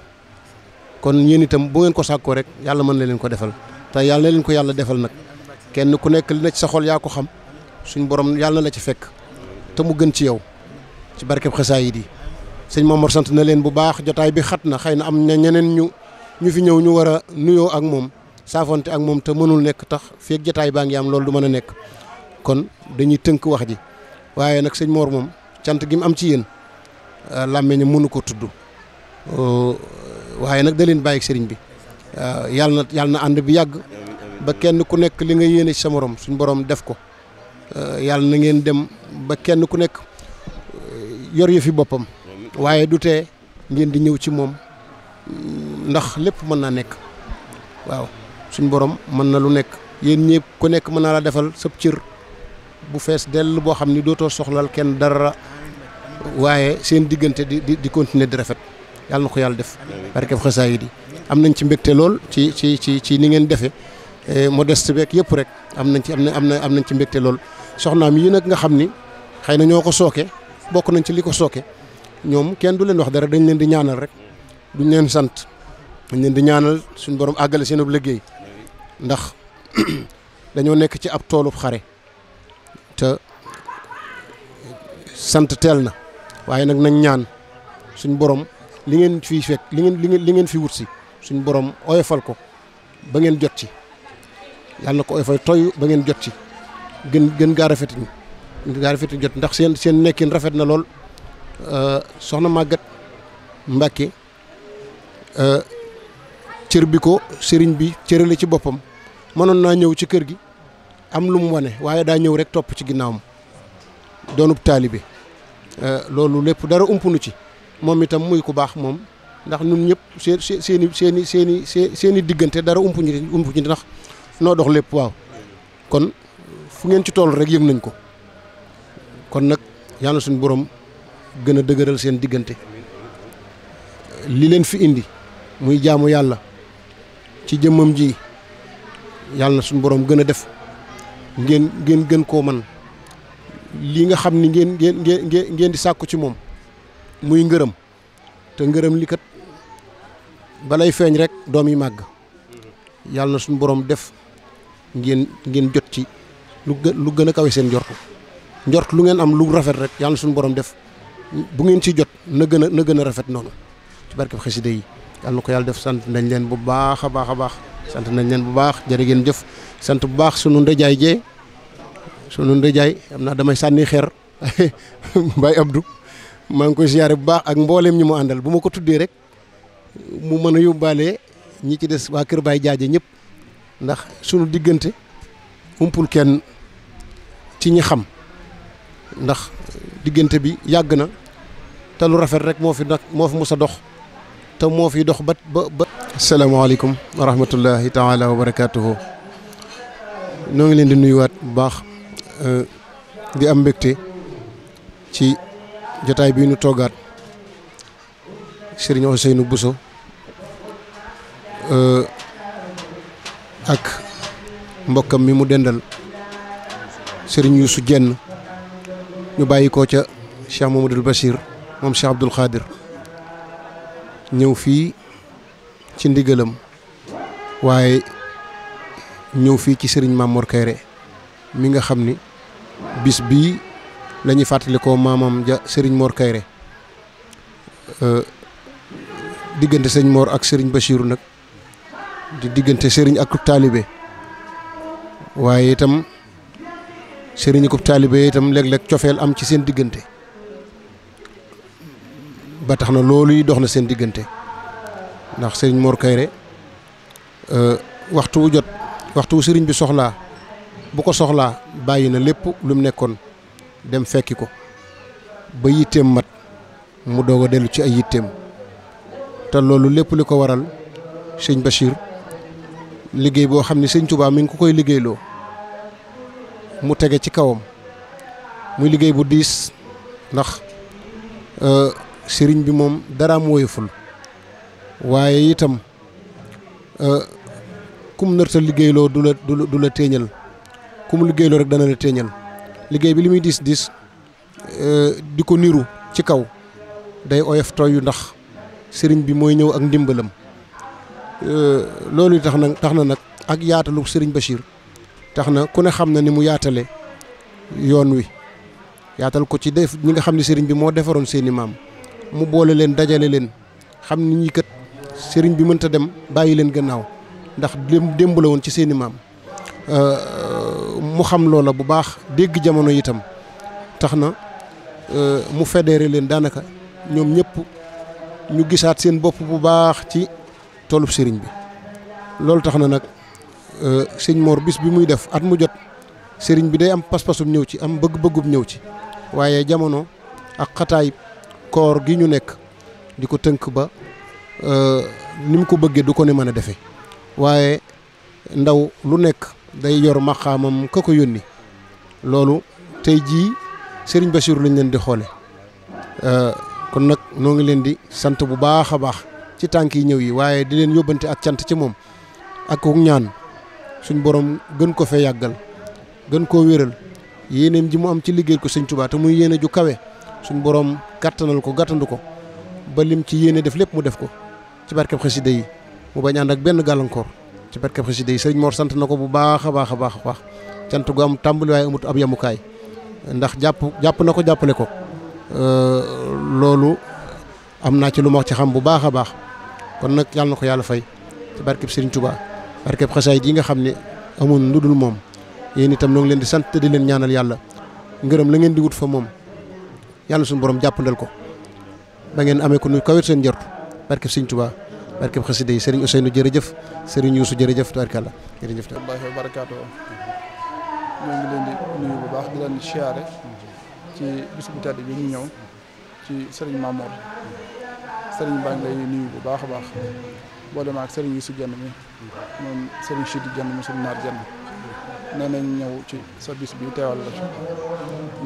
kon yéen itam boo ngeen ko sàkkoo rek yàlla mën na leen ko defal te yàlla na leen ko yàlla defal nag kenn ku nekk li na sa xol yaa ko xam suñ borom yàlla la ci fekk te mu gën ci yow ci barkeb xasaayid yi sëñ Mamor sant na leen bu baax jotaay bi xat na xëy na am na ñeneen ñu ñu fi ñëw ñu war a nuyoo ak moom saafonte ak moom te mënul nekk tax feeg jotaay baa ngi am loolu du mën a nekk kon dañuy tënk wax ji waaye nag sëñ Mor moom cant gi mu am ci yéen euh, làmmeñam mënu ko tudd euh, waaye nag da leen bàyyi sëriñ bi euh, yàlla na yàlla na ànd bi yàgg ba kenn ku nekk li nga yéene ci sa morom suñ borom def ko Euh, yàlla na ngeen dem ba kenn ku nekk euh, yor yëfi boppam waaye du tee ngeen di ñëw ci moom mm, ndax lépp mën naa nekk waaw suñ borom mën na lu nekk yéen ñëpp ku nekk mën naa la defal sab cër bu fees dell boo xam ni dootoo soxlal kenn dara waaye seen diggante di di di continuer di rafet yàlla na ko yàlla def barkeb xasaayid yi am nañ ci mbégte lool ci ci ci ci ni ngeen defee Eh, modeste beeg yëpp rek am nañ ci am na am na am nañ ci mbégte lool soxnaa yi nag nga xam ni xëy na ñoo ko sooke bokk nañ ci li ko sooke ñoom kenn du leen wax dara dañ leen di ñaanal rek duñ leen sant dañ leen di ñaanal suñu borom àggale seen bu liggéey ndax dañoo nekk ci ab toolub xare te sant teel na waaye nag nañ ñaan suñ borom li ngeen fi fekk li ngeen li li ngeen fi wut si suñ borom oyofal ko ba ngeen jot ci yàlla na ko oyofal tooy ba ngeen jot ci gën gën gaa rafetin gën gaa rafetin jot ndax seen seen nekkin rafet na lool euh, soxna Maguette Mbacke euh, cër bi ko sëriñ bi cërale ci boppam mënoon naa ñëw ci kër gi am lu mu wane waaye daa ñëw rek topp ci ginnaaw ginnaawam doonub taalibe euh, loolu lépp dara nu ci moom itam muy ku baax moom ndax nun ñëpp seen seeni i seen i seen i seen i diggante dara umpuñu umpuñu ndax noo dox lépp waaw kon fu ngeen ci toll rek yëg nañ ko kon nag yàlla suñ boroom gën a dëgëral seen diggante li leen fi indi muy jaamu yàlla ci jëmmam ji yàlla suñ boroom gën a def ngeen ngeen gën koo man lii nga xam ni ngeen ngeen ngeen ngeen di sàkku ci moom muy ngërëm te ngërëm li kat balay feeñ rek doom yi màgg yàlla na suñu borom def. ngeen ngeen jot ci lu gë lu gën a kawe seen njortu njortu lu ngeen am lu rafet rek yàlla suñu borom def bu ngeen ci jot na gën a na gën a rafet noonu ci barkeb xasida yi yàlla ko yàlla def sant nañ leen bu baax a baax a baax sant nañ leen bu baax jërë ngeen jëf sant bu baax sunu ndëjaay jee sunu ndëjaay am naa damay sànni xeer Baye Abdou maa ngi koy siyaare bu baax ak mbooleem ñi mu àndal bu ma ko tuddee rek mu mën a yóbbaale ñi ci des waa Kër baay Jaaje ñëpp ndax sunu diggante umpul kenn ci ñi xam ndax diggante bi yàgg na talu rafet rek moo fi nag moo fi mos a dox te moo fi dox ba ba ba. asalaamaaleykum wa rahmatullahi taala wa barakaatuhu noo ngi leen di nuyuwaat bu baax euh, di am mbégte ci jotaay bii nu toogaat Serigne Ousseynou buso euh, ak mbokkam mi mu dendal sëriñ Youssou Dieng ñu bàyyi ko ca Cheikh Mamadou Bachir moom Cheikh Abdoul Khadir ñëw fii ci ndigalam waaye ñëw fii ci sëriñ Mamor Kayre mi nga xam ni bis bii la fàttalikoo maamam ja sëriñ Mor Kayre euh, diggante sëriñ moor ak sëriñ Bachiru nag. di diggante sëriñ ak taalibe waaye itam sëriñ ak taalibe itam léeg-léeg cofeel am ci seen diggante ba tax na loolu yi dox na seen diggante ndax sëriñ Mor Kayre euh, waxtu wu jot waxtu wu sëriñ bi soxlaa bu ko soxlaa bàyyi na lépp lu nekkoon dem fekki ko ba yitteem mat mu doog a dellu ci ay yitteem te loolu lépp li ko waral sëñ Bachir liggéey boo xam ne sëñ Touba mi ngi ko koy liggéeyloo mu tege ci kawam muy liggéey bu diis ndax euh, sëriñ bi moom daraam woyoful waaye itam euh, kum nërta liggéeyloo du la du la téeñal comme liggéeyloo rek dana la téeñal liggéey bi li muy diis diis euh, di ko niru ci kaw day oyof tooyu ndax sëriñ bi mooy ñëw ak ndimbalam Euh, loolu tax na tax na nag ak yaatalu sëriñ Bachir tax na ku ne xam na ni mu yaatale yoon wi yaatal ko ci def ñi nga xam ne sëriñ bi moo defaroon seeni maam mu boole leen dajale leen xam ni ñi kat sëriñ bi mënta dem bàyyi leen gannaaw ndax démb la woon ci seeni maam euh, mu xam loola bu baax dégg jamono itam tax na euh, mu fédéré leen daanaka ñoom ñëpp ñu gisaat seen bopp bu baax ci toolub sëriñ bi loolu tax na nag euh, sëñ Mor bis bi muy def at mu jot sëriñ bi day am pas-pasum ñëw ci am bëgg-bëggub ñëw ci waaye jamono ak xataay koor gi ñu nekk di ko tënk ba euh, ni mu ko bëggee du ko ne mën a defee waaye ndaw lu nekk day yor maqaamam ka ko yónni loolu tey jii sëriñ Bachir lañ leen di xoole euh, kon nag noo ngi leen di sant bu baax a baax ci tànk yi ñëw yi waaye di leen yóbbante ak cant ci moom ak ku ñaan suñ borom gën ko fee yàggal gën koo wéral yéeneem ji mu am ci liggéeyal ko sëñ Tuubaa te muy yéene ju kawe suñ boroom gàttanal ko gàttandu ko ba lim ci yéene def lépp mu def ko ci barkeb xasida yi mu bañ ànd ak benn gàllankoor ci barkeb xasida yi sëriñ Mor sant na ko bu baax a baax a baax a baax cant gu am tàmbali waaye amut ab yamukaay ndax jàpp jàpp na ko jàppale ko loolu am naa ci lu ma ci xam bu baax a baax kon nag yàlla na ko yàlla fay ci barkeb Serigne Touba barkeb xasaay yi nga xam ne amoon lu dul moom yéen itam ñoo ngi leen di sant di leen ñaanal yàlla ngërëm la ngeen di wut fa moom yàlla suñu borom jàppandal ko ba ngeen amee ko nu kawet seen njort barkeb Serigne Touba barkeb xasida yi Serigne Ousseynou jëf Serigne Youssou jërëjëf tabaarkalla jërëjëf ta barakaatu ñoo ngi leen di nuyu bu baax di leen siyaare ci bis bu tedd ñëw ci Serigne Mamour sëriñ baa ngi lay nuyu bu baax a baax boo demee ak sëriñ Yuusu Jenn mi moom sëriñ Sidi Jenn mi suñu naar Jenn nee nañ ñëw ci sa bis bi teewal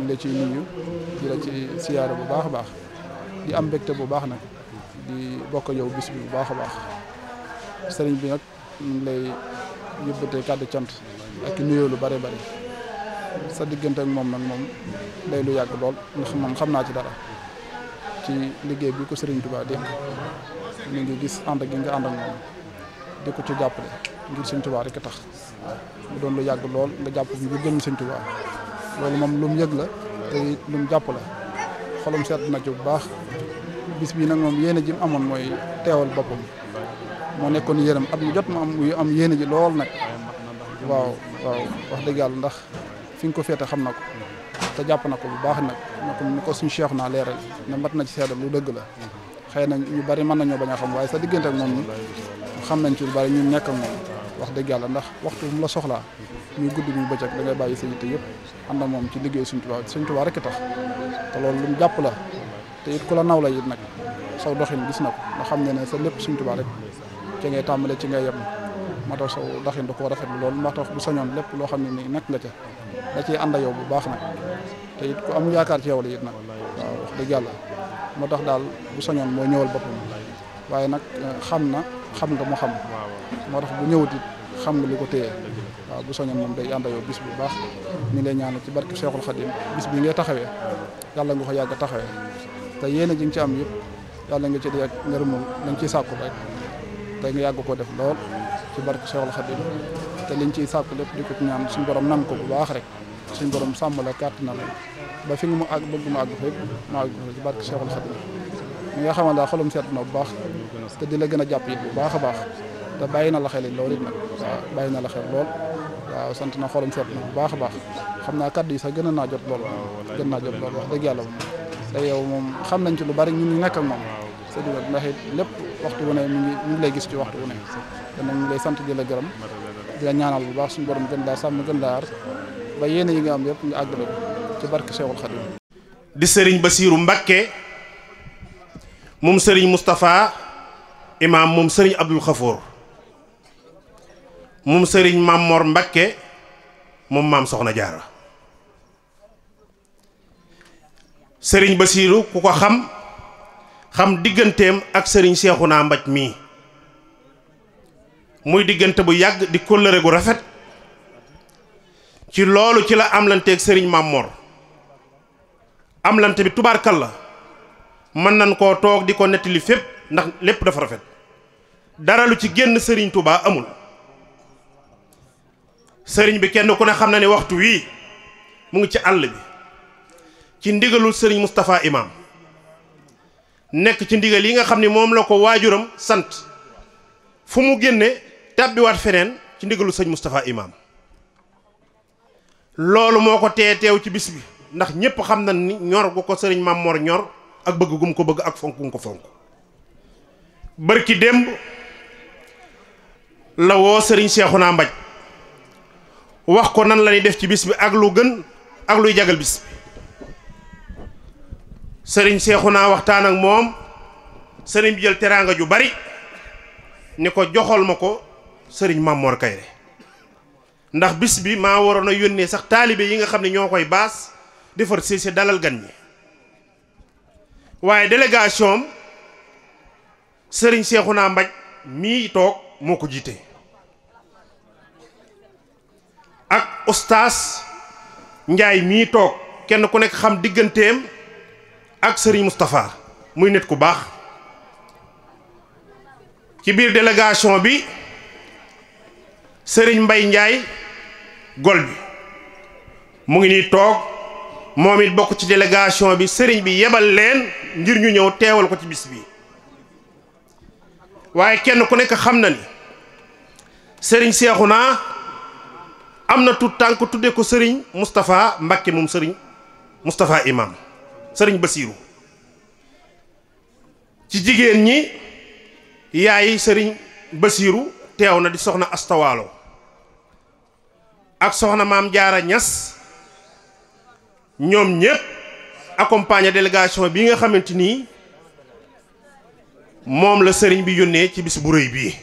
la ci ñu ci siyaare bu baax a baax di am bu baax nag bokk yow bis bi bu baax a baax sëriñ bi nag ñu ngi lay yëbbatee kàddu cant ak nuyoo lu bare bare sa diggante ak moom nag moom day lu yàgg lool ndax man xam naa ci dara ci liggéey bi ko Serigne Touba dénk mi ngi gis ànd gi nga ànd ak moom di ko ci jàppale ngir Serigne Touba rek tax mu doon lu yàgg lool nga jàpp bi ngir gëm Serigne Touba loolu moom lu mu yëg la te lu mu jàpp la xolum seet na bu baax bis bii nag moom yéene ji mu amoon mooy teewal boppam moo nekkoon yéenam at mu jot mu am yu am yéene ji lool nag waaw waaw wax dëgg yàlla ndax fi nga ko féete xam na ko te jàpp na ko bu baax nag ni ko suñu cheikh naa leeral ne mat na ci seede lu dëgg la xëy na ñu bari mën nañoo bañ a xam waaye sa diggante ak moom xam nañ ci lu bari ñun nekk moom wax dëgg ndax waxtu mu la soxlaa muy gudd muy bëccëg da bàyyi sa yitte yëpp ànd ak moom ci liggéey suñ Tuubaa suñ Tuubaa rek tax te loolu lu mu jàpp la te it ku la naw la it nag saw doxin gis na ko nga xam ne ne sa lépp suñ Tuubaa rek ci ngay tàmbale ci ngay yem Mataw Sow doxin da koo rafetlu loolu Mataw bu sañoon lépp loo xam ne nii nekk nga ca da ciy ànd ak yow bu baax nag te it ku am yaakaar ci yow la it nag waaw wax dëgg yàlla moo tax daal bu sañoon moo ñëwal boppam waaye nag eh, xam na xam nga mu xam moo tax bu ñëwut it xam nga ko téye waaw bu soñoon moom day ànd ak bis bu baax ñu lay ñaanal ci barke Cheikhul Khadim bis bi ngay taxawee yàlla nga ko yàgg a taxawee te yéen a ji nga ci am yëpp yàlla nga ci dee ak ngërëmul lañ ciy sàkku rek te nga yàgg ko def lool ci barke Cheikhul Khadim te liñ ciy sàkku lépp di ko ñaan suñu borom nangu ko bu baax rek suñu borom sàmm la kàtt na la ba fi nga mu àgg bëgg mu àgg fa yëpp mu àgg fa ci barke Cheikhul Khadim mi nga xamal daa xolam seet na bu baax te di la gën a jàpp bu baax a baax te bàyyi na la xel it loolu it na la xel lool waaw sant na xolam seet bu baax a baax xam naa kàddu yi sax gën a naa jot lool gën naa jot lool wax dëgg yàlla moom yow moom xam nañ ci lu bari ñu nekk ak moom sa dugal ndax it lépp waxtu wu ne mi ngi mi lay gis ci waxtu wu ne kon nag ñu lay sant jëla la gërëm ñaanal bu baax suñu borom gën laa sàmm gën laa aar ba yéen yi nga am yëpp nga àggale ko ci barke Cheikhul Khadim di sëriñ Basiiru Mbakke moom sëriñ Moustapha moom sëriñ Abdul Xafoor sëriñ Maam Mor Mbakke moom maam Soxna Jaara sëriñ xam digganteem ak sëriñ naa Mbaj mii muy diggante bu yàgg di kóllëre gu rafet ci loolu ci la amlanteeg sëriñ Mamor amlante bi tubaarkal la mën nañ koo toog di ko nettali fépp ndax lépp dafa rafet dara lu ci génn sëriñ Touba amul sëriñ bi kenn ku ne xam na ne waxtu wii mu ngi ci àll bi ci ndigalul sëriñ Moustapha Imam nekk ci ndigal yi nga xam ni moom la ko waajuram sant fu mu génne tàbbiwaat feneen ci ndigalu sëñ Moustapha Imaam loolu moo ko tee teew ci bis bi ndax ñépp xam na ni ñor gu ko sëriñ Maam Mor ñor ak bëgg gum ko bëgg ak fonk gum ko fonk bërki démb la woo sëriñ naa Mbaj wax ko nan la ñuy def ci bis bi ak lu gën ak luy jagal bis bi sëriñ seexu naa waxtaan ak moom sëriñ bi jël teraanga ju bari ni ko joxal ma ko sëriñ Mamor Kayre ndax bis bi maa waroon a yónnee sax taalibe yi nga xam ne ñoo koy baas defar si si dalal gan ñi waaye délégation sëriñ seexu naa mbaj mii toog moo ko jiite ak ostaas njaay mii toog kenn ku nekk xam digganteem ak sëriñ Moustapha muy nit ku baax ci biir délégation bi sëriñ Mbay Njaay gol bi mu ngi nii toog moom it bokk ci délégation bi sëriñ bi yebal leen ngir ñu ñëw teewal ko ci bis bi waaye kenn ku nekk xam na ni sëriñ naa am na tut tànk tudde ko sëriñ Moustapha Mbacké moom sëriñ Moustapha Imam sëriñ Basiiru ci jigéen ñi yaay sëriñ Basiiru teew na di soxna astawaalo ak soxna maam jaara ñas ñoom ñépp accompagner délégation bi nga xamante nii moom la sëriñ bi yónnee ci bis bu rëy bii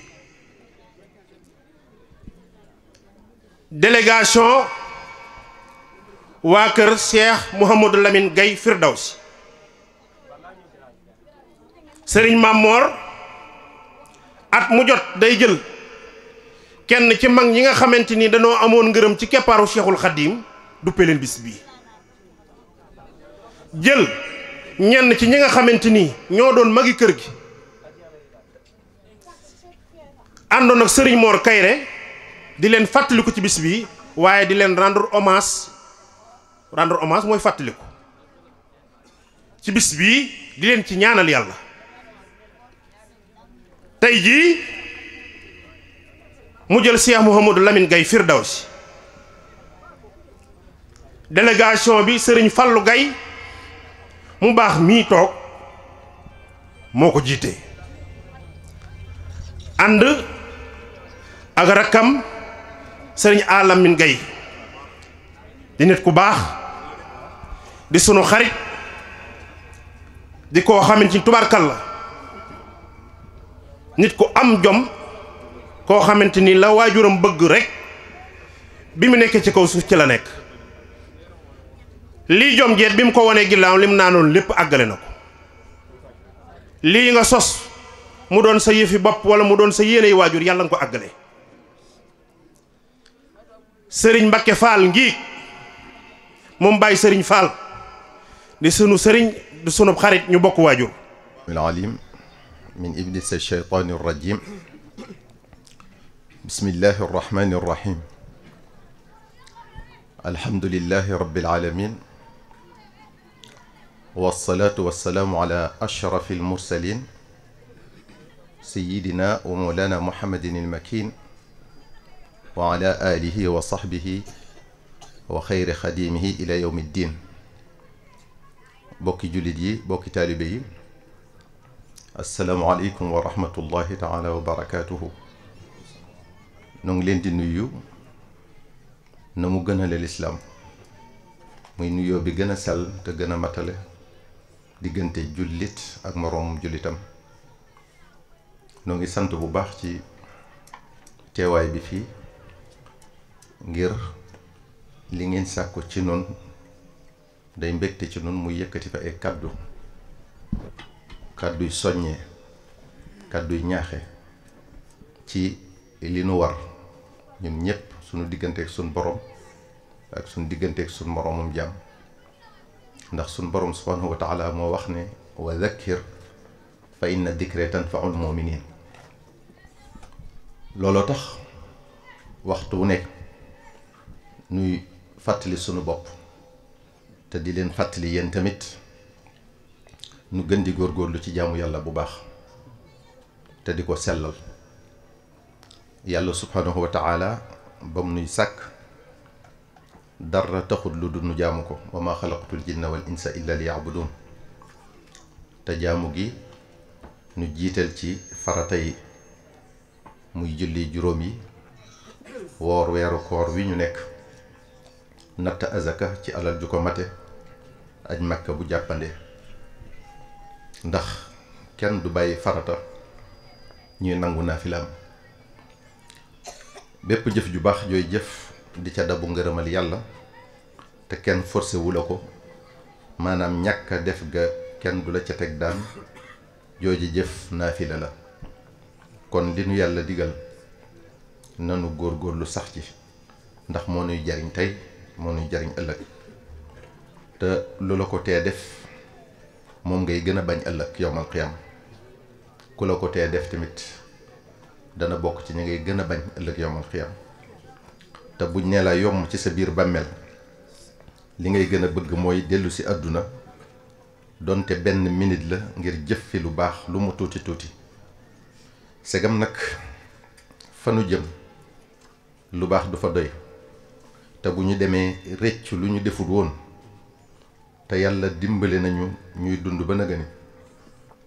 waa kër Cheikh Mouhamadou Lamine gay Firdawsi sëriñ Mamor at mu jot day jël kenn ci mag ñi nga xamante ni dañoo amoon ngërëm ci keppaaru Cheikhul Khadim du peleen bis bii jël ñenn ci ñi nga xamante ni ñoo doon magi kër gi àndoon ak sëriñ Mor Kayre di leen fàttaliku ci bis bii waaye di leen rendre hommage rendre hommage mooy fàttaliku ci bis bii di leen ci ñaanal yàlla tey jii mu jël Cheikh Mouhamadou Lamine Gaye Firdawsi délégation bi sëriñ Fallou gay mu baax mii toog moo ko jiite ànd ak rakkam sëriñ Alamine gay di nit ku baax di sunu xarit di koo xamante ni tubaarkal la nit ku am jom koo xamante ni la waajuram bëgg rekk bi mu nekkee ci kaw suuf ci la nekk lii jom jeet bi mu ko wanee ginnaaw li mu naanoon lépp àggale na ko lii nga sos mu doon sa yëfi bopp wala mu doon sa yéeney waajur yàlla nga ko àggale sëriñ Mbakke Faal ngi moom bàyyi sëriñ Faal di sunu sëriñ di sunu xarit ñu bokk waajur alim min iblis alcheytaan arrajim bismillahi arrahmani arrahim alhamdulilahi rabbil alamin walsalaatu walsalaamu ala ashraf almursalin sayidina wa mawlana muhammadin almakin wa ala alihi wa sahbihi wa xayri xadimihi ila yawmi ddin bokki jullit yi bokki taalibe yi asalaamualeykum wa rahmatullahi taala wa barakaatuhu nu ngi leen di nuyu na mu gënale lislaam muy nuyoo bi gën a sell te gën matale diggante jullit ak moroomum jullitam noo ngi sant bu baax ci teewaay bi fii ngir li ngeen sàkku ci noonu day mbégte ci noonu muy yëkkati fa ay kàddu kàdduy soññee kàdduy ñaaxe ci li nu war ñun ñëpp sunu digganteeg sunu borom ak sunu digganteeg sunu moroomum jàmm ndax sunu borom subhaanahu wa taala moo wax ne wa zakkir fa inna dikre tanfaul muminin looloo tax waxtu wu nekk nuy fàttali sunu bopp te di leen fàttali yéen tamit nu gën di góor góorlu ci jaamu yàlla bu baax te di ko sellal yàlla subhaanahu wa taala ba mu nuy sàkk dara taxut lu dul nu jaamu ko wa maa xalaqatul jinna wal insa illa yaabudun te jaamu gi nu jiital ci farata yi muy julli juróom yi woor weeru koor wi ñu nekk natt azaka ci alal ju ko mate aj makka bu jàppande ndax kenn du bàyyi farata ñuy nangu naafilaam bépp jëf ju baax jooy jëf di ca dabu ngërëmal yàlla te kenn forcé wu la ko maanaam ñàkk def ga kenn du la ca teg daan jooju jëf naafila la kon li nu yàlla digal nanu góor góor lu sax ci ndax moo nuy jariñ tey moo nuy jariñ ëllëg te lu la ko tee def moom ngay gën a bañ ëllëg yowmal qiyam ku la ko tee def tamit dana bokk ci ñu ngay gën a bañ ëllëg yowmal qiyam te buñ nee la yomb ci sa biir bàmmeel li ngay gën a bëgg mooy dellu si àdduna donte benn minit la ngir jëf fi lu baax lu mu tuuti tuuti segam nag fanu jëm lu baax du fa doy te bu ñu demee rëcc lu ñu defut woon te yàlla dimbali nañu ñuy dund ba naga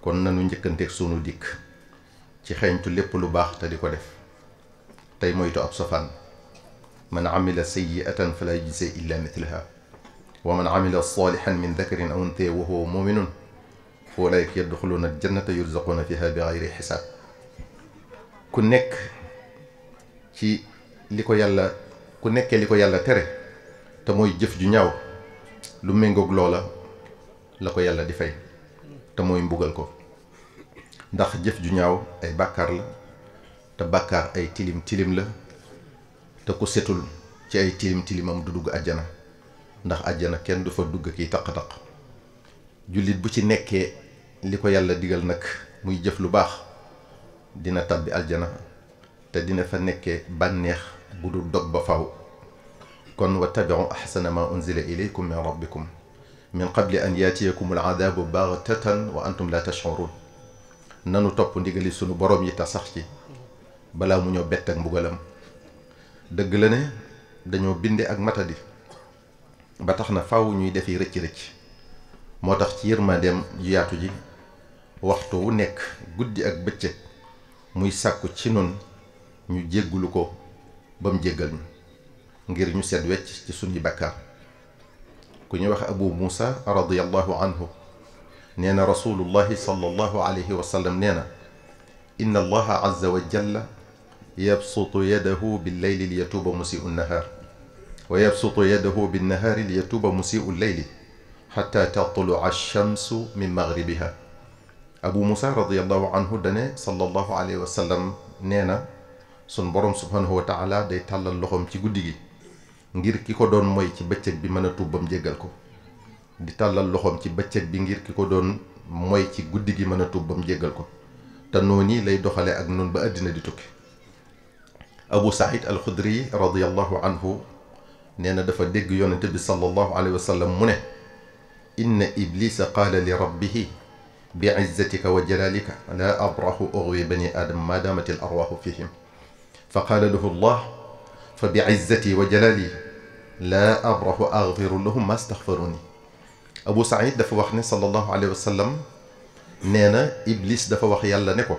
kon nanu njëkkanteeg sunu dikk ci xeeñtu lépp lu baax te di ko def tey moytu ab safaan man amila sayiatan fala yujse illa mithlaha wa man amila salihan min dakarin aw untee wa huwa muminun fa ulaika yadxuluuna aljannata yurzaquuna fiha bi gayri xisaab ku nekk ci li ko yàlla ku nekkee li ko yàlla tere te mooy jëf ju ñaaw lu méngook loola la ko yàlla di fay te mooy mbugal ko ndax jëf ju ñaaw ay bàkkaar la te bàkkaar ay tilim tilim la te ku setul ci ay tilim tilimam du dugg àjjana ndax àjjana kenn du fa dugg kiy taq-taq jullit bu ci nekkee li ko yàlla digal nag muy jëf lu baax dina bi àjjana te dina fa nekkee bànneex bu dul dog ba faw kon wattabiu ahsana ma unzila ilaykum min rabbikum min li an yaatiyakum al adabu baghtatan wa antum la tash'urun nanu topp ndigali sunu borom yi ta sax ci balaa mu ñoo bett ak mbugalam dëgg la ne dañoo binde ak matadi ba tax na faaw ñuy defi rëcc-rëcc moo tax ci yërmandeem ju yaatu ji waxtu wu nekk guddi ak bëccëg muy sàkku ci noon ñu jéggulu ko ba mu jéggal ñu ngir ñu seet wecc ci suñuy bakkaar ku ñu wax abu muusa radiallahu anhu nee na rasulullahi sallallahu alayhi wa sallam nee na inna allaha azza wa jalla yabsutu yadahu billayli li yatuba musiu nnahaar wa yabsutu yadahu binnahaari li yatuba musiu lleyli xata tatlua alchamsu min magribiha abu muusa radiallahu anhu dane sallallahu alayhi wa sallam nee na sun boroom subhanahu wa taala day tàllal loxoom ci guddi gi ngir ki ko doon mooy ci bëccëg bi mën a tuub bam jéggal ko di tàllal loxoom ci bëccëg bi ngir ki ko doon mooy ci guddi gi mën a tuub bam jéggal ko te noonu lay doxale ak noonu ba àddina di tukki abu said al xudri radiallahu anhu nee na dafa dégg yoon bi sallallahu alayhi wa sallam mu ne inna iblisa qaala li rabbihi bi izzatika wa jalalika la abrahu ughwi bani aadam ma damat al arwahu fa qaala lahu allah fa bi izzati wa jalali laa abrahu aghfiru lahum ma astaghfaruni abu saïd dafa wax ne sallallahu alayhi wa sallam nee na iblis dafa wax yàlla ne ko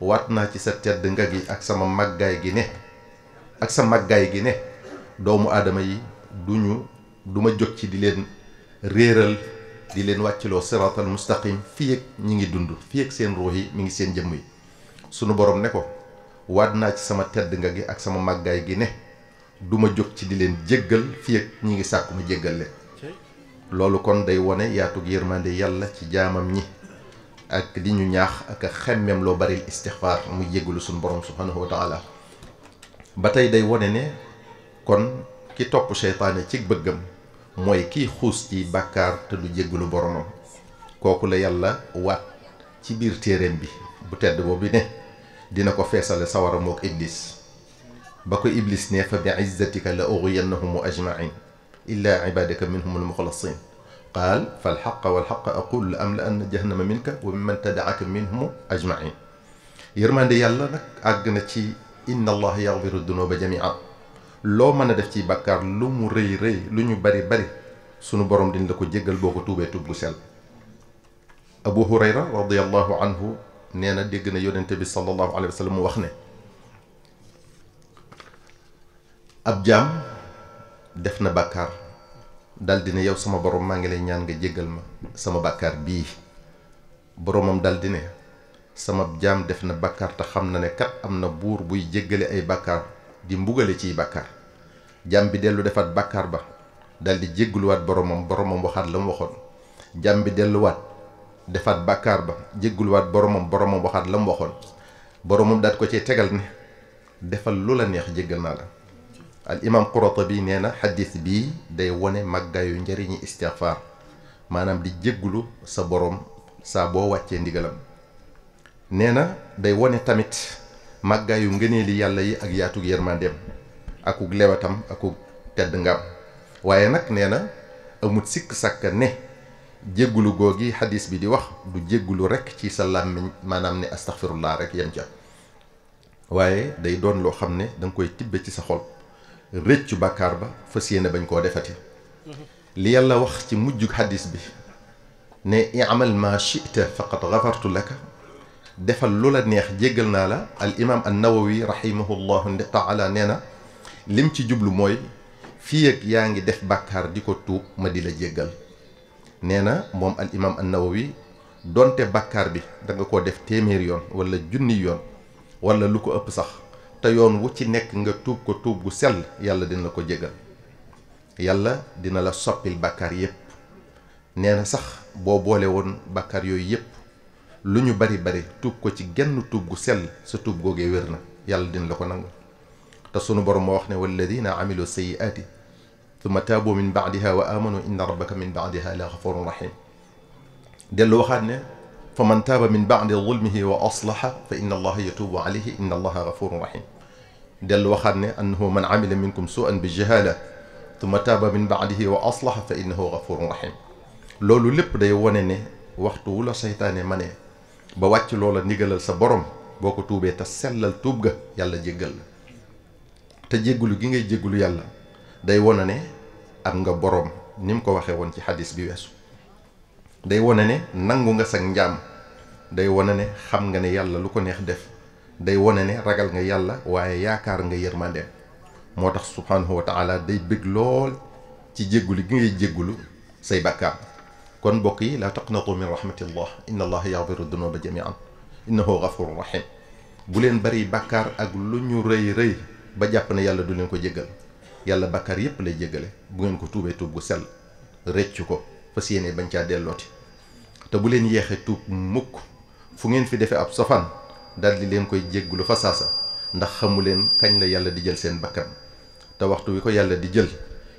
waat naa ci sa tedd nga gi ak sama màggaay gi ak sa màggaay gi ne doomu aadama yi du ñu duma jot ci di leen réeral di leen wàcciloo siraatal mustaqim fii ak ñi ngi dund fii ak seen ruux yi mi ngi seen jëmm yi sunu borom ne ko waat naa ci sama tedd nga gi ak sama màggaay gi ne du ma jóg ci di leen jéggal fi ak ñi ngi sàkku ma jéggal leen loolu kon day wone yaatug yërmande yàlla ci jaamam ñi ak di ñu ñaax ak a xemmeem loo bari istixfaar muy jéggalu suñu borom subhanahu wa taala ba tey day wone ne kon ki topp seytaane ci bëggam mooy kiy xuus ci bàkkaar te du jéggalu boromam kooku la yàlla waat ci biir téereem bi bu tedd boobu ne dina ko feesale sawara mook iblis ba ko iblis nee fa bi izzatika la ughwiyannahum ajmain illa ibadaka minhum almuxlasin qaal falxaqa walxaqa aqul la am la ann jahannama minka wa mimman tadaaka minhum ajmain yërmande yàlla nag àgg na ci inna allah yaxfiru dunuba jamia loo mën a def ci bàkkaar lu mu rëy rëy lu ñu bari bari sunu borom dina la ko jéggal boo ko tuubee tuub gu sell abu hurayra radiallahu anhu nee na dégg na yonente bi sallallahu alayhi wa sallam mu wax ne ab jaam def na bàkkaar daldi ne yow sama borom maa ngi lay ñaan nga jéggal ma sama bàkkaar bii boromam daldi ne sama jaam def na bàkkaar te xam na ne kat am na buur buy jéggale ay bàkkaar di mbugale ciy bàkkaar jaam bi dellu defaat bàkkaar ba daldi jégguluwaat boromam boromam waxaat la mu waxoon jaam bi delluwaat defaat bàkkaar ba jégguluwaat boromam boromam waxaat la mu waxoon boromam daat ko ci tegal ne defal lu la neex jéggal naa la al imam Qurtubi nee na xadis bii day wone màggaayu njëriñi istixfaar maanaam di jéggulu sa borom saa boo wàccee ndigalam nee na day wone tamit màggaayu ngëneeli yàlla yi ak yaatug yërmandeem akuk lewatam akuk tedd ngam waaye nag nee na amut sikk sàkk ne jéggulu googi xadis bi di wax du jéggulu rek ci sa làmmiñ maanaam ne astaxfirullaa rek yem ca waaye day doon loo xam ne danga koy tibbe ci sa xol rëccu bàkkaar ba fas yéene bañ koo defati li yàlla wax ci mujjug xadis bi ne i'mal ma shi'ta faqad ghafartu laka defal lu la neex jéggal naa la al imam an-nawawi rahimahullahu taala nee na lim ci jublu mooy fii yaa ngi def bàkkaar di ko tuub ma di la jéggal nee na moom al imam an-Nawawi donte bàkkaar bi danga ko def téeméer yoon wala junni yoon wala lu ko ëpp sax te yoon wu ci nekk nga tuub ko tuub gu sell yàlla dina la ko jégal yàlla dina la soppil bàkkaar yépp nee na sax boo boole woon bàkkaar yooyu yépp lu ñu bari bari tuub ko ci genn tuub gu sell sa tuub googee wér na yàlla dina la ko nangu te sunu borom moo wax ne walladina amilu sayiati summa taabo min baadiha wa amanu inna rabbaka min baadiha la xafurun rahim dellu waxaat ne fa man taaba min baadi zulmihi wa aslaha fa inna allaha yatubu alayhi inna allaha xafurun rahim dellu waxaat ne annahu man amila minkum suan bi jahala summa taaba min baadihi wa aslaha fa innahu xafurun rahim loolu lépp day wone ne waxtu wu la seytaane ma ne ba wàcc loola ndigalal sa borom boo ko tuubee te sellal tuub ga yàlla jéggal la te jéggulu gi ngay jéggulu yàlla day wone ne am nga boroom ni mu ko waxee woon ci xadis bi weesu day wone ne nangu nga sag njaam day wone ne xam nga ne yàlla lu ko neex def day wone ne ragal nga yàlla waaye yaakaar nga yërmandeem moo tax subhaanahu wa taala day bëgg lool ci jéggulu gi ngay jéggulu say bàkkaar kon mbokk yi laa taqnatu min rahmatillah inna allaha yaxfiru dunuba jamian innahu gafurun rahim bu leen bari bàkkaar ak lu ñu rëy rëy ba jàpp na yàlla du leen ko jéggal yàlla bàkkaar yépp lay jéggale bu ngeen ko tuubee tuub gu sell rëccu ko fas yéene bañ caa dellooti te bu leen yeexee tuub mukk fu ngeen fi defee ab sofaan daal di leen koy jégglu fa saasa ndax xamu leen kañ la yàlla di jël seen bakkan te waxtu wi ko yàlla di jël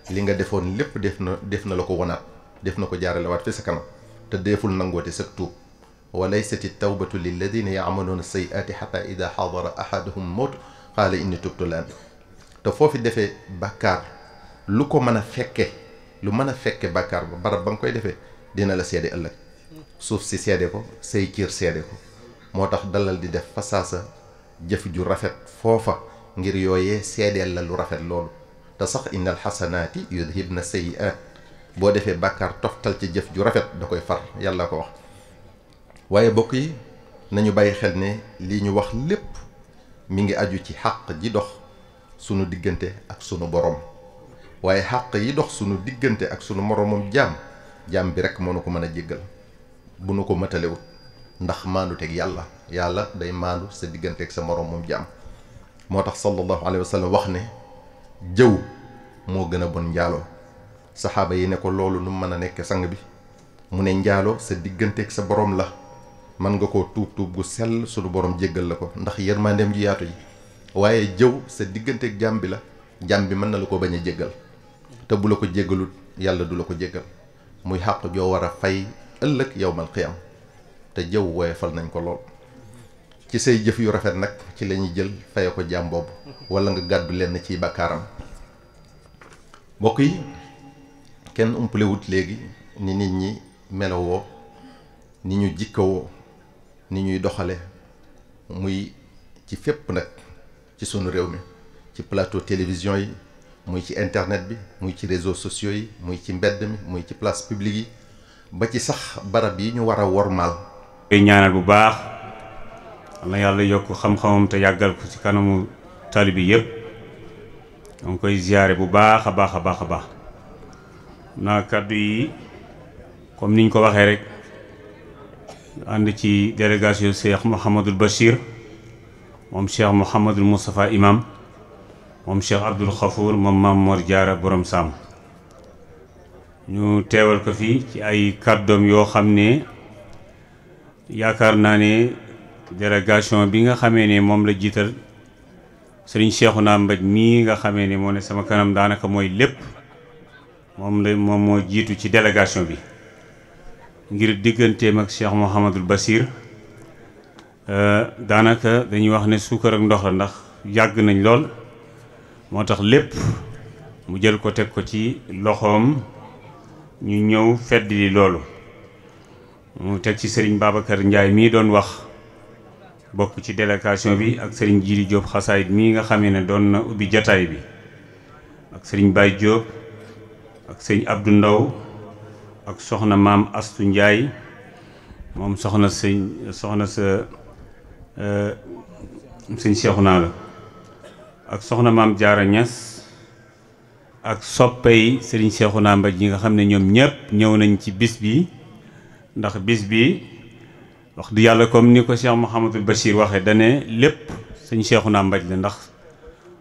li nga defoon lépp def na def na la ko wanaat def na ko jaaralewaat fi sa kanam te deeful nangooti sa tuub wa laysat tawbatu lilladina yaamaluuna sayiaati xata ida xadara ahaduhum mawt qaala inni tubtu laan te foofi defee bàkkaar lu ko mën a fekke lu mën a fekke bàkkaar ba barab ba nga koy defee dina la seede ëllëg suuf si seede ko say cër seede ko moo tax dalal di def fasaasa jëf ju rafet foofa ngir yooyee seedeel la lu rafet loolu te sax innal xasanaati yudhibna sayyi'aat boo defee bàkkaar toftal ci jëf ju rafet da koy far yàlla ko wax waaye bokk yi nañu bàyyi xel ne lii ñu wax lépp mi ngi aju ci xàq ji dox sunu diggante ak sunu borom waaye xàq yi dox sunu diggante ak sunu moroomum jaam jaam bi rek moo nu ko mën a jéggal bu nu ko matalewut ndax maandu teg yàlla yàlla day maandu sa diggante ak sa moromam jaam moo tax sallallahu alayhi wa wax ne jëw moo gën a bon njaaloo saxaaba yi ne ko loolu nu mën a nekk sang bi mu ne njaaloo sa diggante sa borom la mën nga koo tuub tuub gu sell sunu borom jéggal la ko ndax yërmandeem ji yaatu yi waaye jëw sa diggante ak jaam bi la jaam bi mën na la ko bañ a jéggal te bu la ko jéggalut yàlla du la ko jéggal muy xàq joo war a fay ëllëg yowmal am te jëw woyefal nañ ko lool ci say jëf yu rafet nag ci lañuy ñuy jël faye ko jaam boobu wala nga gàddu lenn ci bàkkaaram mbokk yi kenn umpalewut léegi ni nit ñi melowoo ni ñu jikkawoo ni ñuy doxale muy ci fépp nag ci sunu réew mi ci plateau télévision yi muy ci internet bi muy ci réseaux sociaux yi muy ci mbedd mi muy ci place publique yi ba ci sax barab yi ñu war a wormaal. koy ñaanal bu baax na yàlla yokk xam-xamam te yàggal ko ci kanamu tali bi yëpp danga koy ziyaare bu baax a baax a baax a baax naa kàddu yi comme niñ ko waxee rek ànd ci délégation Cheikh Mouhamadul Bachir moom cheikh Mouhamadul Moustapha imam moom cheikh Abdoul Khafour moom maam moor Diarra boroom Sàmm ñu teewal ko fii ci ay kàddoom yoo xam ne yaakaar naa ne délégation bi nga xamee ne moom la jiital sëriñ naa Mbaj mii nga xamee ne moo ne sama kanam daanaka mooy lépp moom la moom moo jiitu ci délégation bi ngir digganteem ak Cheikh Mouhamadul basiir Euh, daanaka dañuy wax ne suukar ak ndox la ndax yàgg nañ lool moo tax lépp mu jël ko teg ko ci loxoom ñu ñëw fedd li loolu mu teg ci sëriñ Babacar Ndiaye mii doon wax bokk ci délégation bi ak sëriñ Jiri Diop xasaayit mii nga xamee ne doon na ubbi jataay bi ak sëriñ Baye Diop ak sëriñ Abdou Ndaw ak soxna maam Astu Ndiaye moom soxna sëñ soxna sa suñ sëñ naa la ak soxna maam Jaara Ñas ak soppe yi sëriñ Seexuna Mbaaj yi nga xam ne ñoom ñëpp ñëw nañ ci bis bi ndax bis bi wax di yàlla comme ni ko Cheikh Mouhamadul Bachir waxe dane lépp sëñ Seexuna Mbaaj la ndax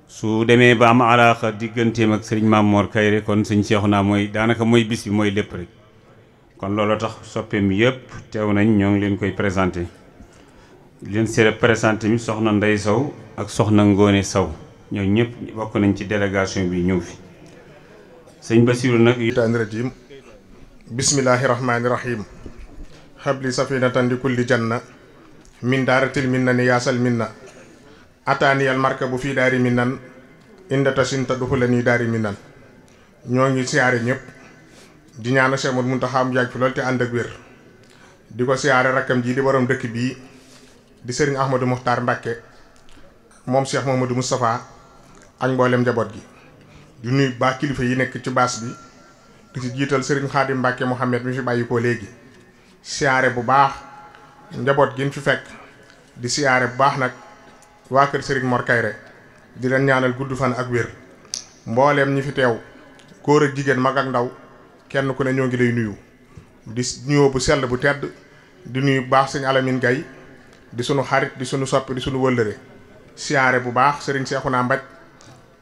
su demee ba am alaaxa digganteem ak sëriñ Maam Mor Kayre kon suñ sëñ naa mooy daanaka mooy bis bi mooy lépp rek kon loolu tax soppeem yëpp teew nañ ñoo ngi leen koy présenté leen si représenté mi soxna Ndey Sow ak soxna Ngone saw ñoo ñëpp bokk nañ ci délégation bi ñëw fi sëñ Basiru nag taani rajim bismillahi rahmaani rahim xabli safinatan di kulli janna min daaratil minna ni yaasal minna ataaniyal marka bu fii daari minnan inda tasinta duxula nii daari minnan ñoo ngi siyaare ñëpp di ñaana Cheikh Mountakha mu yàgg fi lool te ànd ak wér di ko siyaare rakkam ji di borom dëkk bii di sëriñ Ahmadou Muxtaar Mbàkke moom Cheikh Mamadou Moustapha ak mboolem njaboot gi du nuyu baax kilifa yi nekk ci baas bi di ci jiital sëriñ Xaadim Mbàkke Mohamed mi fi bàyyi ko léegi siyaare bu baax njaboot gi fi fekk di siyaare bu baax nag waa kër sëriñ Mor Kayre di leen ñaanal gudd fan ak wér mbooleem ñi fi teew góor ak jigéen mag ak ndaw kenn ku ne ñoo ngi lay nuyu di nuyoo bu sell bu tedd di nuyu baax sëñ Alamine Gaye di sunu xarit di sunu soppi di sunu wëllëre siyaare bu baax sëriñ Seexuna Mbaj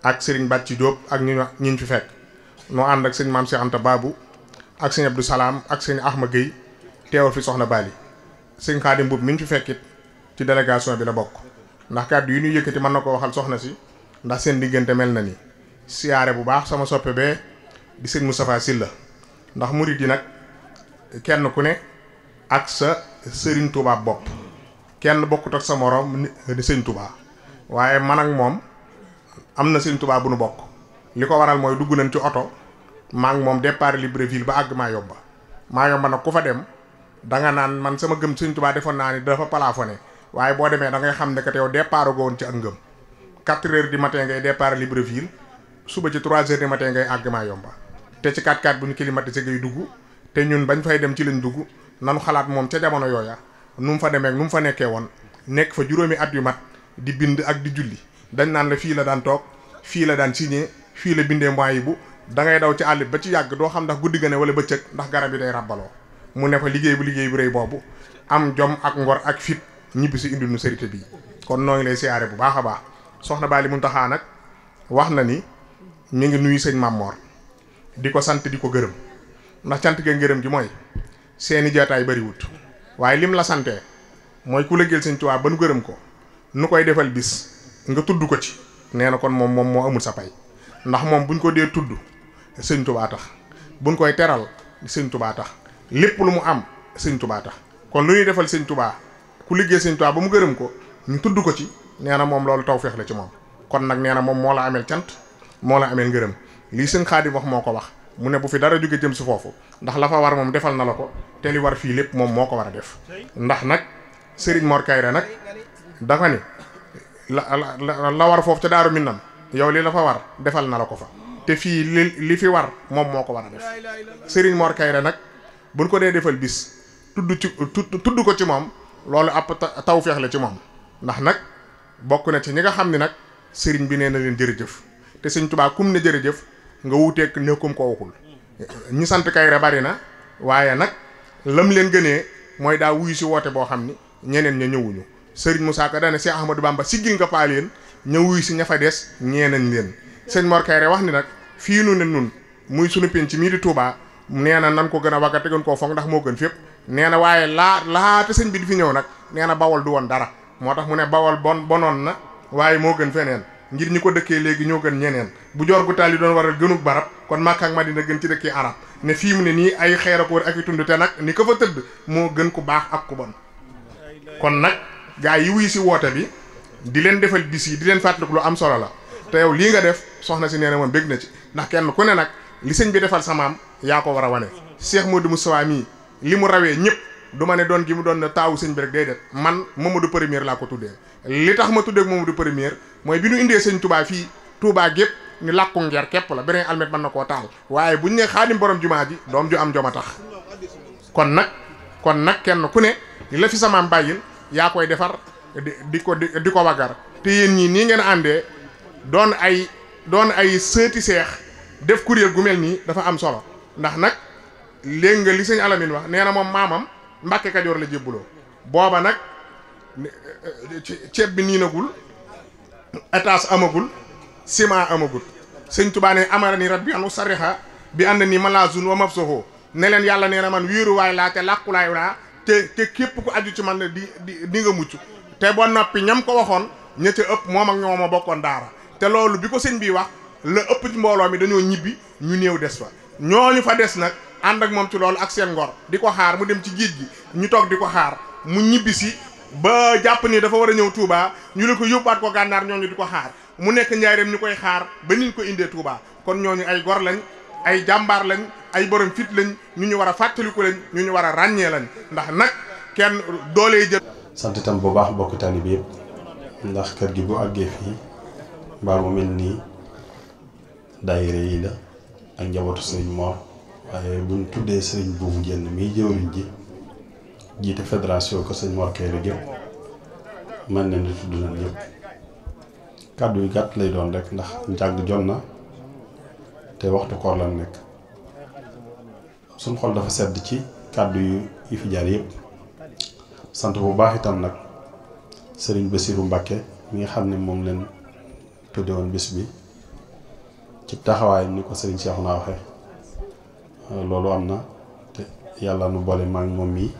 ak sëriñ ci Jóob ak ñu ñu fi fekk noo ànd ak sëñ maam Seex Anta Baabu ak sëñ Abdou Salaam ak sëñ Ahma Guèye teewal fi soxna Bali sëñ Xaadim Mbuub mi ñu fi fekkit ci délégation bi la bokk ndax kàddu yi ñu yëkkati mën na ko waxal soxna si ndax seen diggante mel na ni siyaare bu baax sama soppe bee di sëñ Moustapha Sylla ndax murid yi nag kenn ku ne ak sa sëriñ Tuubaa bopp kenn bokkut ak sa morom di sëñ tubaa waaye man ak moom am na sëñ tubaa bu nu bokk li ko waral mooy dugg nañ ci oto maa ngi moom départ Libreville ba àgg maa yomba maa yomba nag ku fa dem danga naan man sama gëm sëñ tubaa defoon naa ni dafa plafonné waaye boo demee da ngay xam ne que yow départ go woon ci ak ngëm 4 heures du matin ngay départ Libreville suba ci 3 heures du matin ngay àgg maa yomba te ci 4 4 bu ñu climatisé ngay dugg te ñun bañ fay dem ci lañ dugg nanu xalaat moom ca jamono yooya. nu mu fa demee nu mu fa nekkee woon nekk fa juróomi at yu mat di bind ak di julli dañ naan la fii la daan toog fii la daan signé fii la bindee mois yi bu dangay ngay daw ci àll bi ba ci yàgg doo xam ndax guddi ga ne wala bëccëg ndax garab yi day ràbbaloo mu ne fa liggéey bu liggéey bu rëy boobu am jom ak ngor ak fit ñibbi si indi nu sérité bii kon noo lay siyaare bu baax a baax soxna Baali Muntaxa nag wax na ni ñu ngi nuyu sëñ Mamor di ko sant di ko gërëm ndax cant ga ngërëm mooy seeni jataay bariwut waaye lim la santee mooy ku lëggeel sëñ Tuubaa ba nu gërëm ko nu koy defal bis nga tudd ko ci nee na kon moom moom moo amul sa pay ndax moom buñ ko dee tudd sëñ Tuubaa tax buñ koy teral sëñ Tuubaa tax lépp lu mu am sëñ Tuubaa tax kon lu ñuy defal sëñ tubaa ku liggéey sëñ Tuubaa ba mu gërëm ko ñu tudd ko ci nee na moom loolu tawféex la ci moom kon nag nee na moom moo la ameel cant moo la ameel ngërëm lii sëñ Xaadim wax moo ko wax mu ne bu fi dara jóge jëm si foofu ndax la fa war moom defal na la ko te li war fii lépp moom moo ko war a def ndax nag Serigne Mor Kayre nag dafa ni la la la war foofu ca Daaru yow li la fa war defal na la ko fa te fii li li fi war moom moo ko war a def Serigne nag buñ ko dee defal bis tudd ci tudd ko ci moom loolu ab taw feex la ci moom ndax nag bokk na ci ñi nga xam ni nag Serigne bi nee na leen jërëjëf te Serigne tubaa kum ne jërëjëf. nga wuuteeg nekkum ko waxul ñi sant kayre bari na waaye nag lam leen gënee mooy daa wuyu si woote boo xam ni ñeneen ña ñëwuñu sëriñ Moussa Ka daane Cheikh Ahmadou Bamba siggil nga paa leen ña wuyu si ña fa des ñeenañ leen sëñ Mor Kayre wax ni nag fii nu ne nun muy sunu ci mii di tuubaa nee na nan ko gën a wagga te gën koo foog ndax moo gën fépp nee na waaye laa laata sëñ bi di fi ñëw nag nee na bawol du woon dara moo tax mu ne bawol bon bonoon na waaye moo gën feneen ngir ñi ko dëkkee léegi ñoo gën ñeneen bu joor gu taal yi doon waral gënug barab kon Màkka ma dina gën ci dëkkee arab ne fii mu ne nii ay xeer ak wër ak i tund te nag ni ko fa tëdd moo gën ku baax ak ku bon kon nag gaa yi wuy si woote bi di leen defal bis yi di leen fàttaliku lu am solo la te yow lii nga def soxna si nee na moom bég na ci ndax kenn ku ne nag li sëñ bi defal samaam yaa ko war a wane moo Cheikh mu Moustapha mii li mu rawee ñëpp du ma ne doon gi mu doon na taawu sëñ bi rek déedéet man du Première laa ko tuddee li tax ma tuddee du Première mooy bi ñu indee sëñ Touba fii Touba gépp ni làkku ngeer kepp la beneen almet mën na koo taal waaye buñ ne xaadim borom jumaa ji doom ju am joma tax kon nag kon nag kenn ku ne la fi samaam bàyyil yaa koy defar di di ko di di ko wagar te yéen ñii nii ngeen àndee doon ay doon ay seeti seex def kuréel gu mel nii dafa am solo ndax nag léegi nga li sëñ Alamine wax nee na moom maamam Mbàkke Kajoor la jébbuloo booba nag euh, euh, ceeb bi niinagul étage amagul ciment amagul sëñ Tuubaa ne nii ni bi an usarriha bi ànd ni malazun wa mafsuhu ne leen yàlla nee na man wéeruwaay laa te làqulaay laa te te képp ku aju ci man ne di di di nga mucc te ba noppi ñam ko waxoon ña ca ëpp moom ak ñoom a bokkoon daara te loolu bi ko sëñ bii wax la ëpp ci mbooloo mi dañoo ñibbi ñu néew des fa ñooñu fa des nag ànd ak moom ci loolu ak seen ngor di ko xaar mu dem ci géej gi ñu toog di ko xaar mu ñibbisi ba jàpp ni dafa war a ñëw tuubaa ñu la ko yóbbaat ko gànnaar ñooñu di ko xaar mu nekk njaareem ñu koy xaar ba niñ ko indee Touba kon ñoo ñu ay gor lañ ay jàmbaar lañ ay borom fit lañ ñu ñu war a fàttaliku lañ ñu ñu war a ràññee lañ ndax nag kenn doolee jël. sant itam bu baax bokk tali bi ndax kër gi bu àggee fii mbaa mu mel nii daayira yi la ak njabootu sëñ Mor. waaye buñ tuddee sëriñ buubu jenn miy jëwriñ ji jiite fédération ko sëñ Mor Kayré gépp mën na ni tudd nañ ñëpp kàddu yu gàtt lay doon rek ndax njàng jot na te waxtu koor lan nekk suñ xol dafa sedd ci kàddu yu yi fi jaar yëpp sant bu baax itam nag sëriñ Bassirou Mbacké mi nga xam ne moom leen tudde woon bis bi ci taxawaay ni ko sëriñ Cheikh naa waxe Euh, loolu am na te yàlla nu boole maag moom mii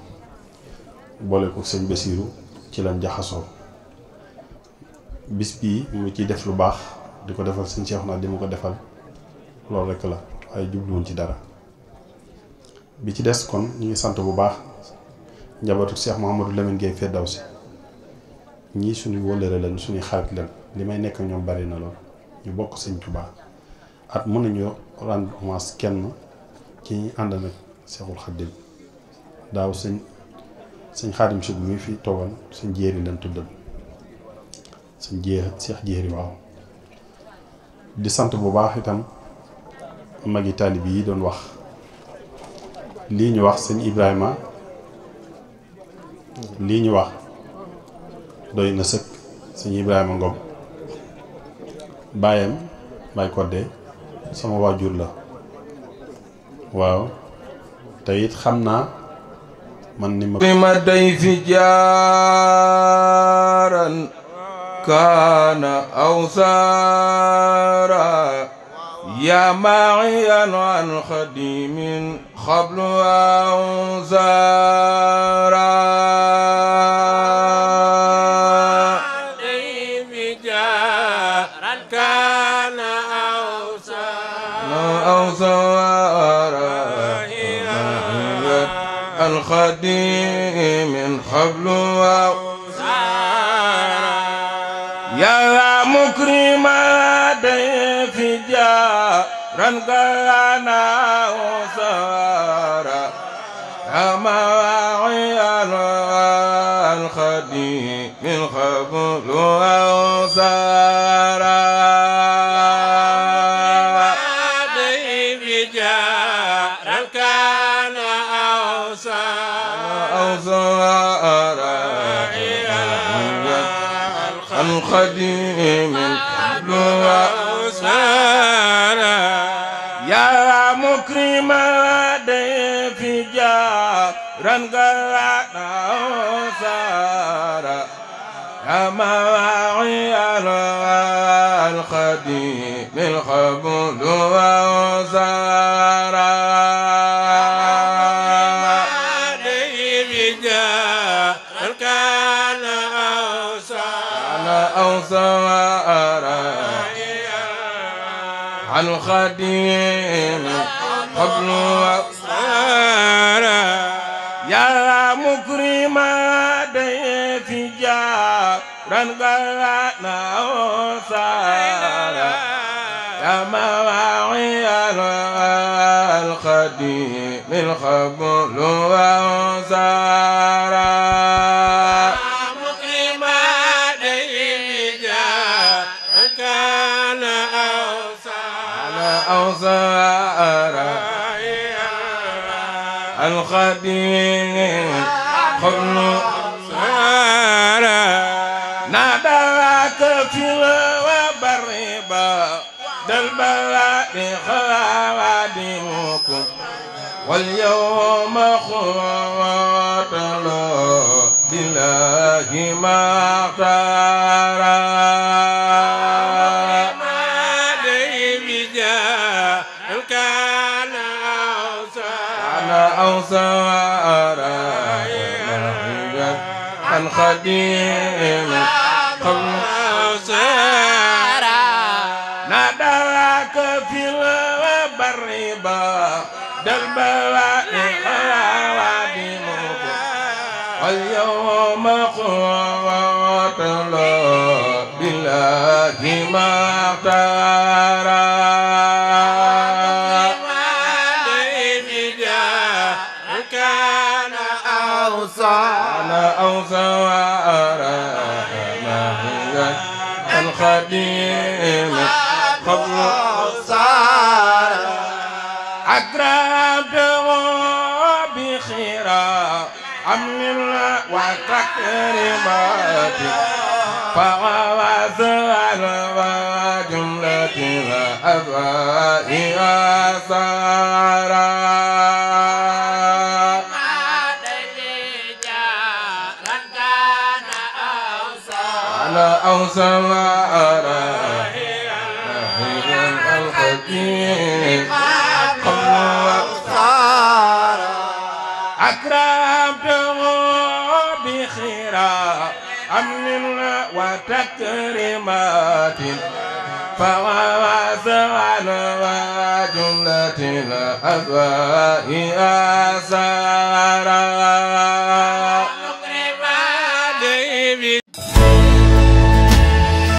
boole ko sëñ Basiiru ci lañ jaxasoo bis bii mu ciy def lu baax di ko defal sëñ Seexuna di mu ko defal loolu rekk la waaye jubluwuñ ci dara bi ci des kon ñu ngi sant bu baax njabootu Cheikh Mouhamadou Lamine Gueye si ñii suñu wóllëre leen suñuy xarit leen li may nekk ñoom bari na lool ñu bokk sëñ Tuubaa at mën nañu rendre hommage kenn ki ñu ànd nag Seexul Xaddim daaw sëñ sëñ Xaadim Sugu mi fi toogoon sëñ jéeri lañ tuddal sëñ jée Seex jéeri waaw di sant bu baax itam magi taalib yi doon wax lii ñu wax sëñ Ibrahima lii ñu wax doy na sëkk sëñ Ibrahima Ngom baayam Baay kode sama waajur la waaw te it xam naa man ni ma. bi ma day fi jaaran kaana aw saara yaa maayan an xadimin xablu aw saara حبل وأوزارا يا مكرما في جارا قانا وسارا أما وعي الخديم من خبل قديم قبل وأسارا يا مكرم في جارا قلعنا وسارا يا مواعي القديم القبل وأسارا خديم قبل وأخرى يا مكرما ديفي جابرا قرأنا وصارا يا مواعي الخديم القبل وأخرى أرى الخديم قبل سارة ناداك في وبربا دلبلاء خوادمكم واليوم خوادمكم Yeah. حملنا وتكريماتي فغواثها وجملتها أبائها سارا أو سواء كلمات فوعز على جملة الأسواء أسارا